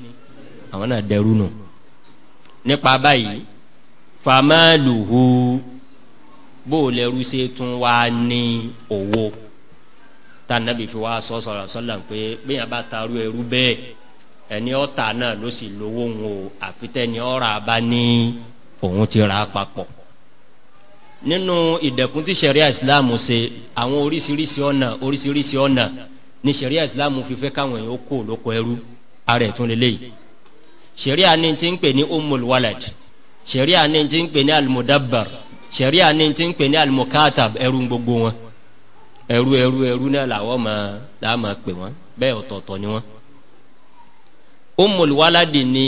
àwọn náà dẹrú nù nípa báyìí famaluhu bó o lẹ́rú ṣe tún wá ní owó tá a nàbì fi wá sọ sọ̀rọ̀ sọ́là pé bẹ́ẹ̀ bá taru ẹrú bẹ́ẹ̀ ẹni ọ̀tá náà ló sì lówó ń o àfitẹ́ni ọ̀rà bá ní òun ti ra papọ̀ nínú ìdẹ̀kùn tí ṣẹ̀ríà ìsìláàmù ṣe àwọn oríṣiríṣi ọ̀nà oríṣiríṣi ọ̀nà ní ṣẹ̀ríà ìsìláàmù fi fẹ́ káwọn èèyàn kó lóko ẹrú ara ẹ̀ tún lélẹ́yìí ṣẹ̀ríà ti ń pè ní umul walad ṣẹ̀ríà ní ti ń pè ní almudabbar sẹ̀ríà ní ti ń pè ní al-mukatab ẹrú gbogbo wọn ẹrú ẹrú ẹrú náà làwọn máa làá máa pè wọn bẹ́ẹ̀ ọ̀tọ̀ọ̀tọ̀ ni wọn. Ummul ni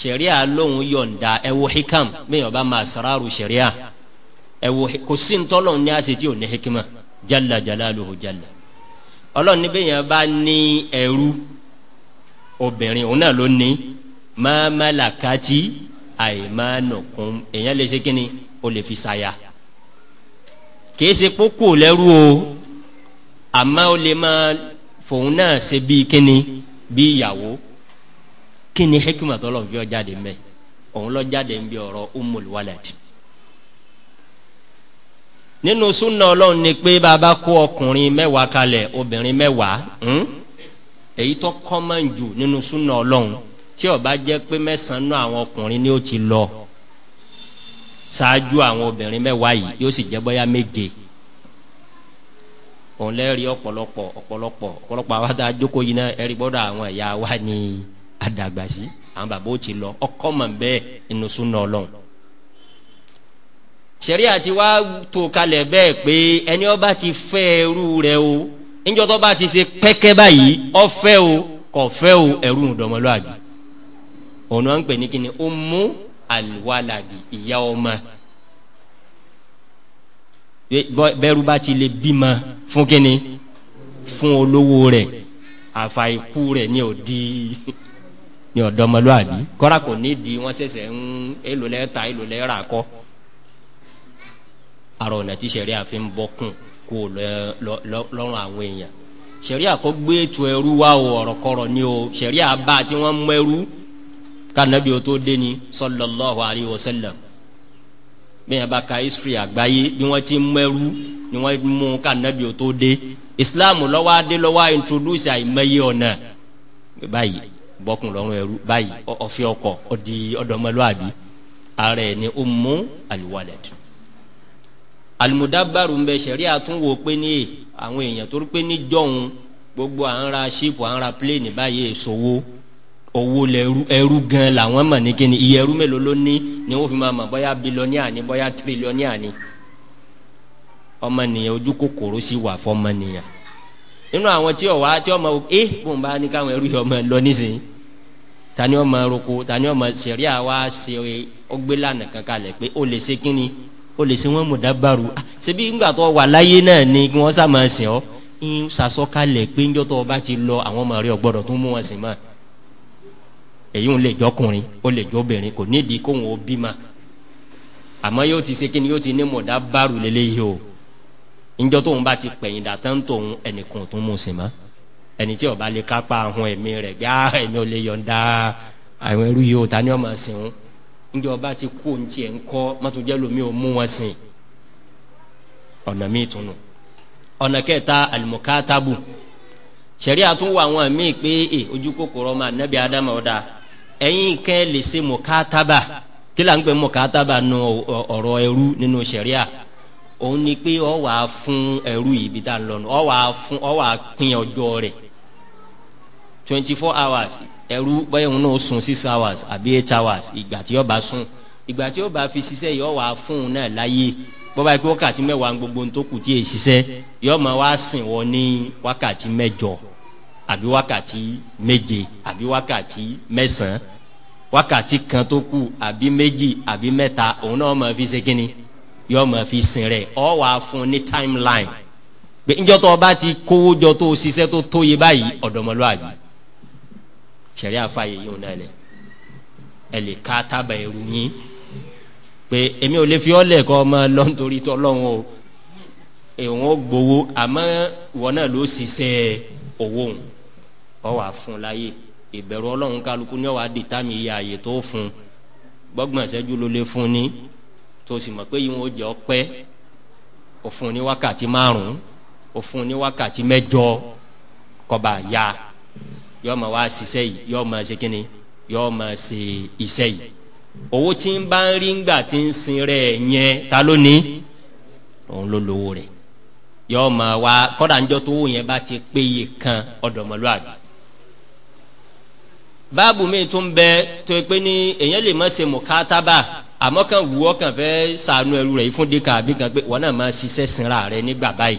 sẹ̀ríà lóhùn yọ̀ǹda ẹ̀wò hikam bẹ́ẹ̀ ọba máa sàràrù sẹ̀ríà ẹ̀wò kò sí ntọ́lọ̀ ní àṣetí ò ní hikima jalla jalaluhu jalla ọlọ́run níbẹ̀ yẹn bá ní ẹrú obìnrin òun náà ló ní máa máa èèyàn lè ṣe kínni o lè fi ṣaya kìí ṣe kókó lẹ́rú o àmọ́ o lè máa fòun náà ṣe bíi kíni bíi ìyàwó kíni hekima tọ́lọ̀ fi ọ jáde mbẹ òun lọ jáde ń bí ọ̀rọ̀ umul walad nínú súnà ọlọ́run ni pé bàbá kó ọkùnrin mẹ́wàá kalẹ̀ obìnrin mẹ́wàá hmm? èyí tó kọ́mọ̀ jù nínú súnà ọlọ́run tí ó bá jẹ́ pé mẹ́sàn-án náà àwọn ọkùnrin ni ó ti lọ ṣáájú àwọn obìnrin mẹ́wàá yìí yóò sì jẹ́ bóyá méje òun lẹ́rìí ọ̀pọ̀lọpọ̀ ọ̀pọ̀lọpọ̀ ọ̀pọ̀lọpọ̀ àwọn tá a jókòó yìí náà ẹ̀rí gbọ́dọ̀ àwọn ẹ̀yà wa ní àdàgbà sí àwọn bàbá ó ti lọ ọkọ mọ̀ bẹ́ẹ̀ inú súnà ọlọ́run sẹ̀rí àti wá tó kalẹ̀ bẹ́ẹ̀ pé ẹni ọba ti fẹ́ ẹrú rẹ o níjọ́ tó bá ti ṣe pẹ́kẹ́ báyìí ọ̀fẹ́ o kọ̀fẹ́ o ẹrú ìdọ̀mọlúwàbí òun náà ń pè ní kíni ó mú aliwaladi ìyá ọmọ bẹ́rù bá ti lè bímọ fún kíni fún olówó rẹ̀ àfàìkú rẹ̀ ní òdi ní ọ̀dọ́mọlúwàbí kọ́ra kò ní di wọ́n ṣẹ̀ṣẹ̀ ń èlòlẹ́ ta èlòlẹ́ rà kọ́ àrò ọ̀nà tí sẹ̀rí àfin bọ́ kùn kó lọ́rùn àwọn èèyàn sẹ̀rí àkọ́gbé ètò ẹrú wa ò ọ̀rọ̀ kọ̀rọ̀ ni o sẹ̀rí àbá tí wọ́n mú ẹrú kanabi o tó dé ni sallallahu alayhi wa sallam bẹ́ẹ̀ bá ka history àgbáyé bí wọ́n ti mẹ́rú ni wọ́n mú kanabi o tó dé islam lọ́wọ́ adé lọ́wọ́ introduce àìmọye ọ̀nà báyìí bọ́kùn lọ́rùn ẹrú báyìí ọ̀fẹ́ ọkọ̀ ọ̀dì ọ̀dọ́mọlúàbí ara ẹ̀ ni ummu alwalad alimudabaru ń bẹ sẹ̀ríà tún wò pé ní àwọn èèyàn torí pé ní jọ̀hún gbogbo à ń ra ṣíìpù à ń ra pléènì báyìí èso wo owó lẹ́rú ẹrú gan làwọn mọ̀ ní kíni iye ẹrú mélòó ló ní ni wọ́n fi máa mọ̀ bóyá bílíọ̀nìà ni bóyá tírílíọ̀nìà ni ọmọnìyàn ojú kòkòrò sì wà fọmọnìyàn nínú àwọn tí ọwọ́ àti ọmọ ẹ eh, bóun bá ní káwọn ẹrú yìí ọmọ lọ nísìnyí tani ọmọ roko tani ọmọ sẹríà wa ṣe ọgbẹ́lànà kankan lẹ̀ pé ó lè ṣe kíni ó lè ṣe wọn mọ̀ dábàrú ah, ṣebí ńgbà tó wà láyé náà ni kí wọ́n sá máa sìn ọ́ ń sasọ́kalẹ̀ pé ńjọ́ tó o bá ti lọ àwọn ọmọ rẹ ọgbọ́dọ̀ tó mú wọn sìn máa èyí ń lè jọkùnrin ó lè jọbìnrin kò nídìí kóhun ó bímọ àmọ́ yóò ti ṣe kí ni yóò ti ní mọ̀dá bárù lélẹ́yìí o njọ tóun bá ti pẹ̀yìn dàtà ń tóun ẹnìkan tó mú sí ma ẹni tí ó bá lè kápá ahun ẹ̀mí rẹ̀ gbá ẹ̀mí ò lè yọ̀ǹda àwọn ẹrú yìí ó ta ni ọmọ sìn ń njọ bá ti kó ohun tiẹ̀ ń kọ́ lomi ò mú wọn sìn ọ̀nà míì tún ọ̀nà kẹta alimọ̀ká tábù tún wà wọn míì pé ojú kòkòrò ọmọ anabi adama ọ̀dà ẹ̀yin kẹ́ lè ṣe mọ̀kátàbà kí là ń pè mọ̀kátàbà nu ọ̀rọ̀ ẹrú nínú sẹ̀ríà òun ni pé ọ wà á fún ẹrú yìí bí tá a lọ nù ọ wà á fún ọ wà á pín ọjọ́ rẹ̀ twenty four hours ẹrú bẹ́ẹ̀ òun náà sùn six hours àbí eight hours ìgbà tí ó bá sùn ìgbà tí ó bá fi ṣiṣẹ́ yìí ọ wà á fún òun náà láyé bọ́ba yìí pé wákàtí mẹ́wàá gbogbo ń tó kù tí èyí ṣiṣẹ́ yọ ọ ma wá sìn wọ ní wákàtí mẹ́jọ àbí wákàtí méje àbí wákàtí mẹ́sàn-án wákàtí kan tó kù àbí méjì àbí mẹ́ta òun náà máa fi ṣe kínní yóò máa fi sìn rẹ̀ ọ́ wàá fún ní timeline pé ńjọ́ tó o bá ti kówó jọ tó o ṣiṣẹ́ tó tó yẹ báyìí ọ̀dọ́mọlúwàbí sẹ̀ríà fàyè yìí òun náà lẹ̀ ẹ lè ká tábà ẹrù yín pé èmi ò lè fi ọ́ lẹ̀ kọ́ ọ lọ nítorí tó lọ́hùn o èèwọ̀n gbowó àmọ́ ìwọ náà ló ṣiṣẹ́ owó òun ọ wà fún láyè ìbẹ̀rù ọlọ́run kálukú ní ọwà dìtà mi yẹ àyè tó fún gbọ́gbọ́n ìṣẹ́jú ló lè fún ni tó sì mọ̀ pé ìwọ̀n jẹ́ ọpẹ́ ó ní wákàtí márùn-ún ní wákàtí mẹ́jọ kọba ya yọ ma wá ṣiṣẹ́ yìí yọ ma ṣe kíni yọ ma ṣe iṣẹ́ yìí owó tí ń bá ń rí ńgbà tí ń sin rẹ̀ yẹn ta ló òun ló lówó rẹ̀ yọ ma wá kọ́dà ńjọ́ tó wò yẹn bá ti péye kan ọ̀dọ̀mọlúwàbí báàbù mi tún bẹ tó pé ní èyàn lè má ṣe mùkátábà àmọ́ kan wù ọ́ kàn fẹ́ sànú ẹrú rẹ̀ fún dika àbí kan pé wọn náà máa ṣiṣẹ́ sinra rẹ̀ nígbà báyìí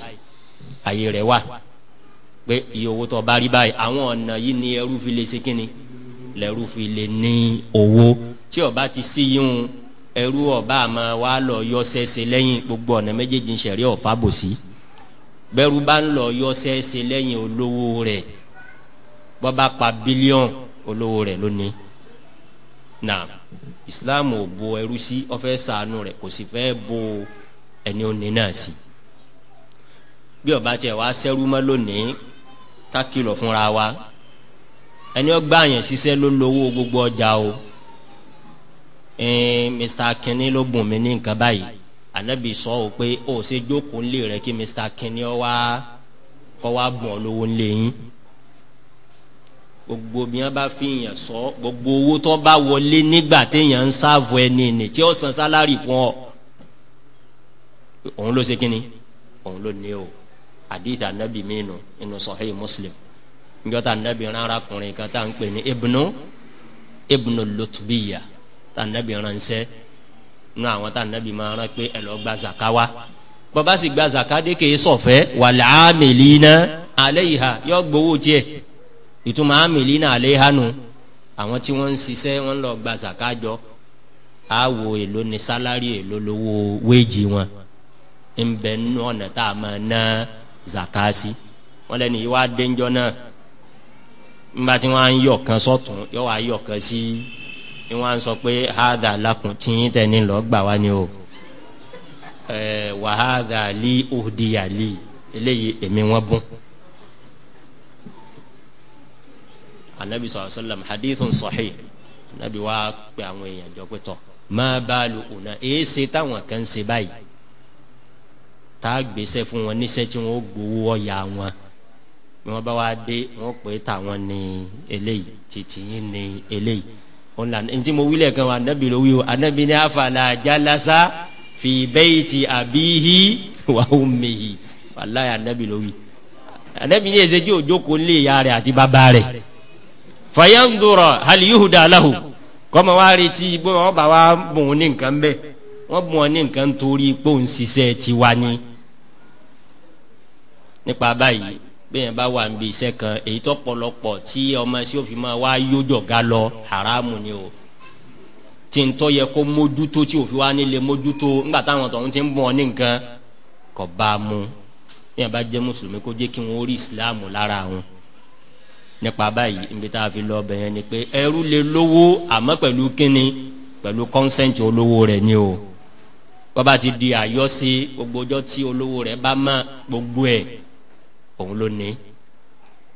àyè rẹ̀ wà pé iye owó tó bá rí báyìí àwọn ọ̀nà yìí ni ẹrú fi lè ṣe kínni lẹ́rú fi lè ní owó tí ó bá ti sí yíhun ẹrú ọba àmọ́ wa lọ yọ ṣẹṣẹ lẹ́yìn gbogbo ọ̀nà méjèèjì ṣẹ̀rí ọ̀fà bòsí bẹ́rù bá ń lọ yọ ṣẹṣẹ lẹ́yìn olówó rẹ̀ bọ́ bá pa bílíọ̀nù olówó rẹ̀ lónìí na islam ò bo ẹrú sí ó fẹ́ ṣàánú kò sì fẹ́ bo ẹni òní náà sí bí ó bá wá sẹ́rú mọ́ lónìí ká fúnra wa ẹni ó gbà yẹn ṣiṣẹ́ ló lówó gbogbo ọjà o ẹn mr akínní ló bùn mí ní nǹkan báyìí anabi sọ ọ pé ó ṣe jókòó ńlẹ rẹ kí mr akínní ọ wá kọ wá bùn ọ lówó ńlẹ yín gbogbo bí wọn bá fi yàn sọ gbogbo owó tó bá wọlé nígbà téèyàn ń sáàfù ẹni ní tí ó san sálárì fún ọ òun ló ṣe kínní òun ló ní o àdìtà nàbì mìínú inú sọhí Muslim njọta nàbì rárá kùnrin kan tá à ń pè ní ibnu ibnu lutubiya tá nàbì ránṣẹ́ nínú àwọn tá nàbì máa rán pé ẹ lọ gba zakawa bàbá sì gba zakadé kìí sọfẹ wàlẹ́ àmì lìínà àlẹ́ yìí ha yọ gbowó tiẹ̀. ìtumọ̀ amìlí náà lè hánu àwọn tí wọ́n ń sisẹ́ wọ́n lọ gba sàkájọ á wo èlò ní sálárì èlò lówó wéjì wọn ń bẹ nínú ọ̀nà tá a máa ná zakasi Wọ́n lẹ́nu yìí wá déńjọ́ náà nígbà tí wọ́n á ń yọ̀ kan sọ́tún yọ̀ wá yọ̀ kan sí ni wọ́n á ń sọ pé hádà lakùn tí yín tẹ̀ ní lọ gbà wá ni o ẹ̀ wàhádà lí òdìyà lí eléyìí èmi wọ́n bùn. anabi sallallahu alaihi wasallam hadithun sahih anabi wa pe àwọn èèyàn jọ pé tọ máa bá a lò ọ̀nà èèṣe táwọn kan ṣe báyìí tá a gbèsè fún wọn níṣẹ́ tí wọ́n gbowó ọ̀yà wọn bí wọ́n bá wá dé wọ́n pè é táwọn ní eléyìí títí yín ní eléyìí wọn là ní tí mo wílẹ̀ kan wọn anabi ló wí o anabi ní afala jalasa fi bayti abihi wa ummihi wàláyà anabi ló wí anabi ní èsè tí òjò kò lè ya rẹ̀ àti bàbá rẹ̀. fayandura hali yuhuda lahu kọ́mọ wa retí bó wọn bá wa bùn ní nǹkan bẹ́ẹ̀ wọ́n bùn ní nǹkan torí pé òun ti tiwa ni nípa bá wà níbi iṣẹ́ kan èyí tó pọ̀lọpọ̀ tí ọmọ ma òfin máa wá yójọ̀gá lọ haramu ni o tí yẹ mójútó ti ń bùn ní nǹkan bá a mú bẹ́ẹ̀ nípa báyìí níbi tá a fi lọ ọbẹ̀ yẹn ni pé ẹrú lè lówó àmọ́ pẹ̀lú kínni pẹ̀lú kọ́nsẹ́ǹtì olówó rẹ̀ ni o bọ́ba ti di àyọ́sí gbogbo ọjọ́ tí olówó rẹ̀ bá mọ̀ gbogbo ẹ̀ òun ló ní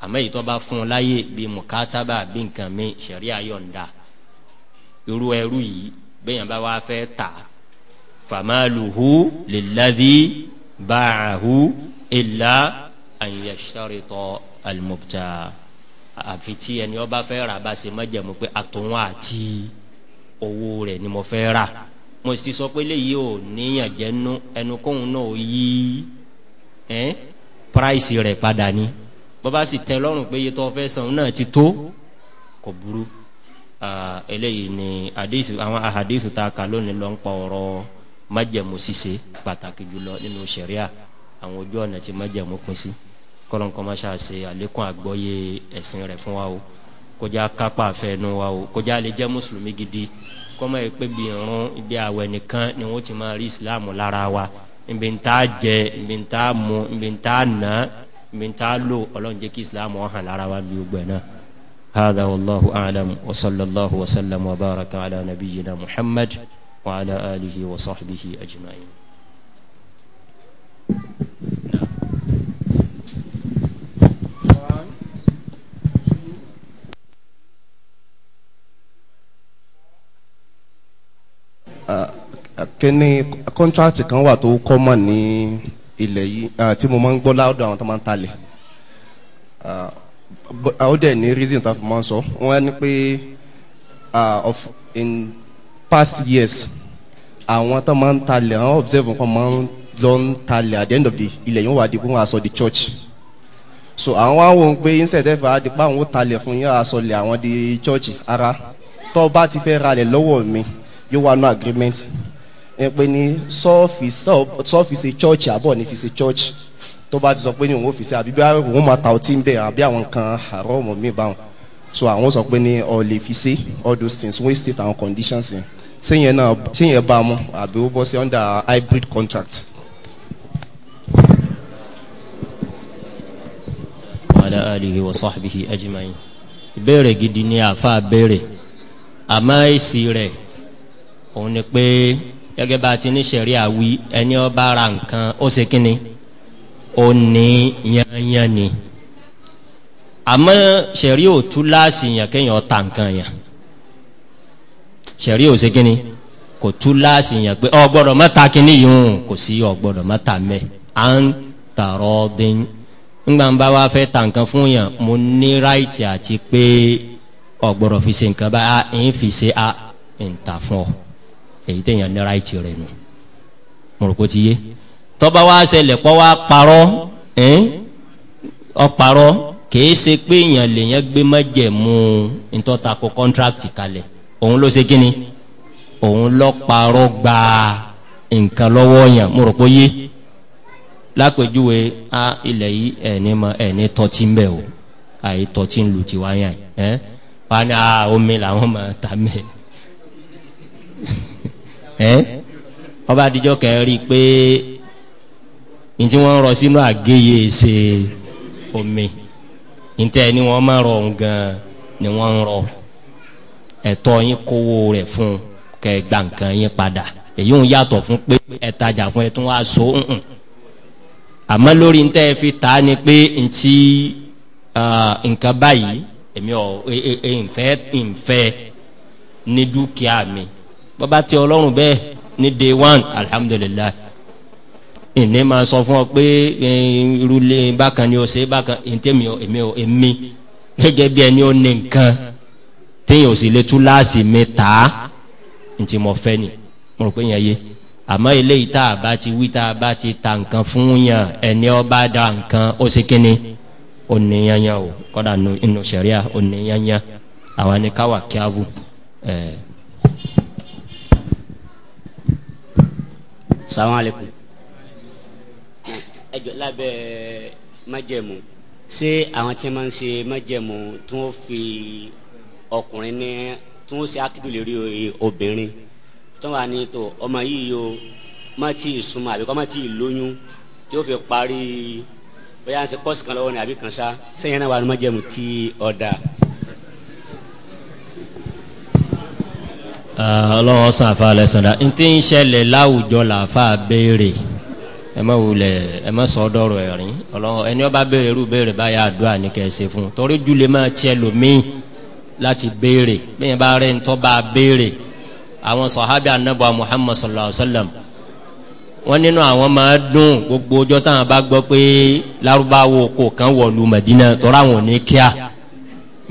àmọ́ èyí tó bá fún un láyè bíi mùkátàbà bíi nǹkan mi ṣẹ̀rí ayọ̀ǹda irú ẹrú yìí bẹ́yàn bá wá fẹ́ tà famaluhu lilladhi ba'ahu illa an yashtarita al àfi tí ẹni ọba fẹ́ rà bá ṣe májẹ̀mú pé àtòwọn àti owó rẹ̀ ni mo fẹ́ rà mo sì sọ pé léyìí ò níyàn jẹ́ nú ẹnu kóhun náà yí ẹ́n price rẹ̀ padà ni bó bá sì tẹ́ lọ́rùn pé iye tó fẹ́ san náà ti tó kò burú eléyìí ni àdéhùn àwọn àhàdéhùn tá a kà lónìí ló ń pa ọ̀rọ̀ májẹ̀mú ṣíṣe pàtàkì jùlọ nínú ṣẹ̀ríà àwọn ojú ọ̀nà tí májẹ̀mú pín sí kọlọ́n kọ́ máa ṣàṣe àlékún àgbọ́yé ẹ̀sìn rẹ̀ fún wa o kọjá kápá àfẹnú wa o kọjá lè jẹ́ mùsùlùmí gidi kọ́mọ yìí pé bí irun ibi àwẹ̀ nìkan ni wọ́n ti máa rí ìsìláàmù lára wa ibi ń tá jẹ ibi ń tá mu ibi ń tá nà ibi ń tá lò ọlọ́run jẹ́ kí ìsìláàmù ọ̀hàn lára wa bí gbẹ̀ náà. هذا والله أعلم وصلى الله وسلم وبارك على نبينا محمد وعلى آله وصحبه أجمعين kíní kọ́ńtrátì kan wà tó kọ́mọ̀ ní ilẹ̀ yìí tí mo máa ń gbọ́ láàdọ̀ àwọn tó máa ń talẹ̀ ó dẹ̀ ní reason tá a fi máa ń sọ wọ́n ní pé of in past years àwọn tó máa ń talẹ̀ àwọn observe nǹkan máa ń lọ ń talẹ̀ at the end of the ilẹ̀ yìí wà á di wọ́n á the church so àwọn wá wọn pé instead ẹ fà á di pé àwọn ó talẹ̀ fún yín á lẹ̀ àwọn di church ara tó bá ti fẹ́ ra lọ́wọ́ mi yóò wá no agreement ẹ pé ní sọ́ọ̀ fi ṣe chọ́ọ̀chì àbọ̀ ní fi ṣe chọ́ọ̀chì tó bá ti sọ pé ní òun ò fi ṣe àbí bí òun máa ta ọtí ń bẹ̀ àbí àwọn nǹkan àárọ̀ ọmọ mi bá wọn so àwọn sọ pé ní ọ lè fi ṣe all those things wey state àwọn conditions yẹn sẹ́yìn náà sẹ́yìn bá mu àbí ó bọ́ sí under hybrid contract. wàhálà alihi wa sahbihi ajimayin ìbéèrè gidi ni àfa béèrè àmọ́ èsì rẹ̀ òun ni pé gẹ́gẹ́ bá ti ní sẹ̀rí àwí ẹni ó bá ra nǹkan ó ṣe kíni ó ní yanyan ni àmọ́ sẹ̀rí ò tú láàsì yàn kéèyàn ta nǹkan yàn sẹ̀rí ò ṣe kíni kò tú láàsì yàn pé ọ gbọ́dọ̀ má ta kíní yìí hùn kò sí ọ gbọ́dọ̀ mẹ́ à ń tààrọ̀ dín ńgbà ń bá wa fẹ́ ta nǹkan fún yàn mo ní ráìtì àti pé ọ fi ṣe nǹkan bá a ń fi ṣe a ń ta fún ọ èyí téèyàn ní right rẹ̀ nù mo ti yé tọ́ba wa ṣẹlẹ̀ pọ́ wa parọ́ ọparọ́ kìí ṣe pé èèyàn lèèyàn gbé májẹ̀mú ntọ́takọ contract kalẹ̀ òun ló ṣe kíni òun lọ parọ́ gba nǹkan lọ́wọ́ yàn mo yé lápèjúwe a ilẹ̀ yìí ẹ̀ẹ́ni mọ ẹ̀ẹ́ni tọ́tí ń bẹ̀ o àyè tọ́tí ń lu tiwa yàn ẹ́ wọn á ah, omi làwọn máa ta mẹ́ẹ̀ ẹ ọba àdìjọ kẹrin pé ntí wọn rọ sínú àgéyè ṣe omi ntẹ ni wọn máa rọ nǹkan ni wọn ń rọ ẹ̀tọ́ yín kówó rẹ̀ fún kẹ gba nǹkan yín padà èyí ń yàtọ̀ fún pé ẹ tajà fún ẹ tún wá so nǹkan àmọ́ lórí ntẹ fi ta ni pé ntí nǹkan báyìí èmi ò e, e, e, nfẹ́ nfẹ́ ní dúkìá mi bọ́ba ti ọlọ́run bẹ́ẹ̀ ní day one alhamdulilayi ìní máa sọ fún ọ pé irúlé bákan ni o ṣe bákan èmi o èmi o èmi gẹ́gẹ́ bí ẹni ó ní nǹkan téèyàn ò sì lè tú láàsì mi tà á ntí mo fẹ́ ni mo rò pé yẹn yé àmọ́ eléyìí tá a bá ti wí tá a bá ti ta nǹkan fún yàn ẹni ọba da nǹkan ó sì kíni ó ní yanyan o kọ́dà inú sẹ̀ríà ó ní yanyan àwa ni káwa kí vù ẹ̀ẹ́. salamu alaykum. ẹ jọ lábẹ́ májẹ̀mú ṣé àwọn tí wọ́n ṣe májẹ̀mú tí wọ́n fi ọkùnrin ní tí wọ́n ṣe akidu lè rí obìnrin tí wọ́n wà ní tó ọmọ yìí yóò má ti súnmọ́ àbí kọ́ má ti lóyún tí ó fi parí bóyá ń ṣe kọ́ọ̀sì kan lọ́wọ́ ni àbí kan ṣá sẹ́yìn náà wà ní májẹ̀mú tí ọ̀dà. Eh, ọlọ́wọ́ sàfà lẹ́sàndà n tí ń ṣẹlẹ̀ láwùjọ làfà béèrè ẹ má wulẹ̀ ẹ má sọ dọ́rọ̀ ẹ̀rín ọlọ́wọ́ ẹni ọba béèrè irú béèrè báyà àdúrà ní kẹsẹ̀ fún torí júlẹ̀ máa tiẹ̀ lòmíì láti béèrè bẹ́ẹ̀ bá rẹ̀ ń tọ́ bá béèrè àwọn sọ̀hábì anábọ̀ Muhammad sallallahu alayhi wa sallam wọ́n nínú àwọn máa dùn gbogbo ọjọ́ táwọn bá gbọ́ pé lárúbáwò kò kán wọ̀lú Madina tọ́ra àwọn ò ní kíá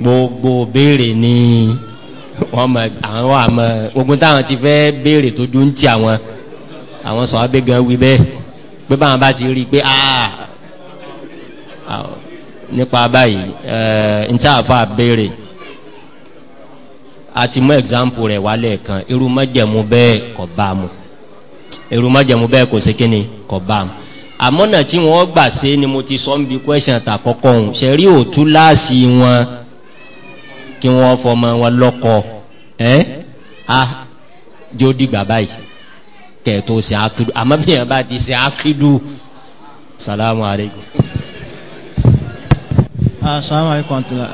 gbogbo béèrè Ni wọ́n mọ̀ àwọn àmọ̀ ogun táwọn ti fẹ́ béèrè tó dún ti àwọn àwọn sọ abẹ́gan wí bẹ́ẹ̀ pé báwọn bá ti rí i pé aa ah, ah, nípa báyìí ẹ̀ eh, ǹtí àfa béèrè a ti mú example rẹ̀ wálé kan irú májẹ̀mú bẹ́ẹ̀ kò bá mu irú májẹ̀mú bẹ́ẹ̀ kò sí kíni kò bá mu àmọ́nà tí wọ́n gbà ṣe ni mo ti sọ ń bi question ta kọ́kọ́ òun ṣe rí òtún láàsì wọn kí wọ́n fọmọ wọn lọ́kọ ẹ́ a jó dìgbà báyìí kẹ̀tọ́ ṣe akidu àmọ́ bí yẹn bá ti ṣe akidu salamu aleykum. asalaamu aleykum tula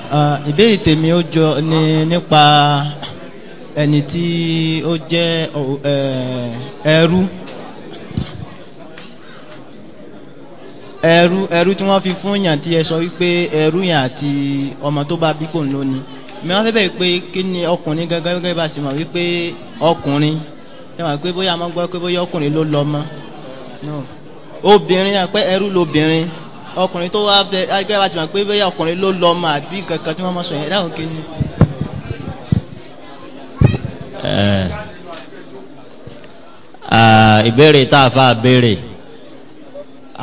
ìbéèrè tèmi ó jọ ní nípa ẹni tí ó jẹ́ ẹrú ẹrú ẹrú tí wọ́n fi fún yàn tí ẹ sọ wípé ẹrú yàn àti ọmọ tó bá bí kò ń lónìí. mi wá fẹ́ bẹ̀rẹ̀ pé kí ni ọkùnrin gangan gẹ́gẹ́ bá ṣe mọ̀ wípé ọkùnrin ẹ wà pé bóyá a máa gbọ́ pé bóyá ọkùnrin ló lọ mọ́ obìnrin àpẹ ẹrú lobìnrin ọkùnrin tó wá fẹ́ gẹ́gẹ́ bá ṣe mọ̀ pé bóyá ọkùnrin ló lọ mọ́ àbí kankan tí wọ́n sọ yẹn dáhùn kí ni. ìbéèrè tá a fa béèrè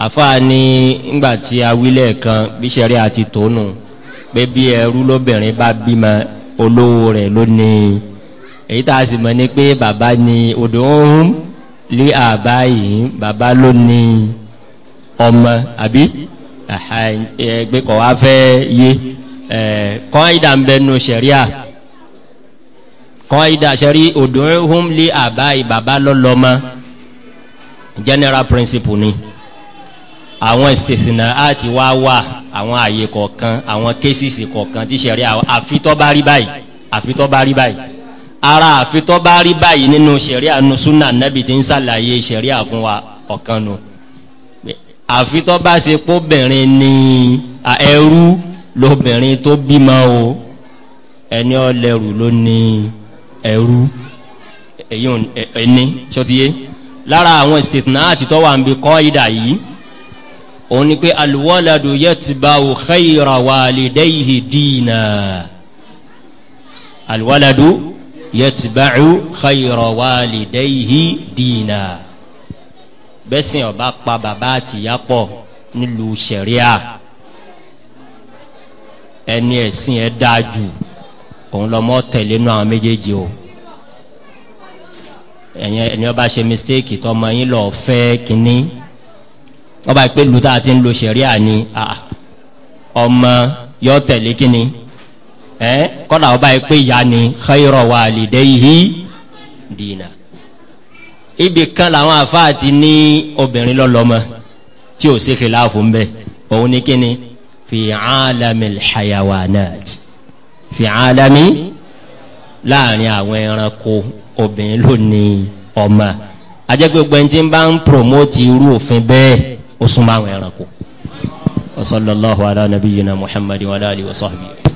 àfa ni ngbà tí a bí sẹ́rí àti No pé bí ẹrú lóbìnrin bá bímọ olówó rẹ̀ lónìí èyí tá a sì mọ̀ ni pé bàbá ni odò ọ̀hún lé àbá yìí bàbá lónìí ọmọ àbí ẹgbẹ́ kọ̀ wá fẹ́ yé kọ́ ìdá ń sẹ̀ríà kọ́ ìdá odò ọ̀hún lé àbá yìí bàbá lọ́lọ́mọ general principle ni àwọn ìsìnà àti wá wà àwọn àyè kọ̀ọ̀kan àwọn kéṣìṣì kọ̀ọ̀kan tí sẹ̀rí àfitọ́bá rí báyìí àfitọ́bá rí báyìí ara àfitọ́bá rí báyìí nínú sẹ̀rí ànusúnà nẹ́bi tí ń sàlàyé sẹ̀rí àfún wa ọ̀kan nu àfitọ́bá ṣe pọ́bìnrin ni ẹrú lóbìnrin tó bímọ o ẹni ọlẹ́rù ló ní ẹrú ẹni ṣọtiyé lára àwọn ìsìnà àti tọ́wà ń bi kọ́ ìdà yìí òun ni pé alwaladu yatba'u khayra walidayhi dina alwaladu yatba'u khayra walidayhi dina bẹ́sìn ọba pa bàbá àtìyá pọ̀ nílùú ṣẹ̀ríà ẹni ẹ̀sìn ẹ̀ dáa jù òun lọ́mọ tẹ̀lé nu àwọn méjèèjì o ẹ̀yin ẹni ọba ṣe mistake tọmọ yín lọ fẹ́ kínní wọ́n bá pé lu tá a ti ń lo sẹ̀ríà ni ọmọ yọ tẹ̀lé kíni ẹ́ kọ́dà wọ́n bá pé ìyá ni xeyọrọ wa àlìdẹ́ yìí dìínà ibì kan làwọn àfáà ti ní obìnrin lọ́lọ́mọ tí ò sí fìlàfù ń bẹ òun ni kíni fi alami hayawanat fi alami láàrin àwọn ẹranko obìnrin ló ní ọmọ ajẹ́gbẹ́gbẹ́ tí ń bá ń promote irú òfin bẹ́ẹ̀ ó súnmọ́ àwọn ẹranko wa sallallahu ala nabiyyina muhammadin wa alihi wa sahbihi.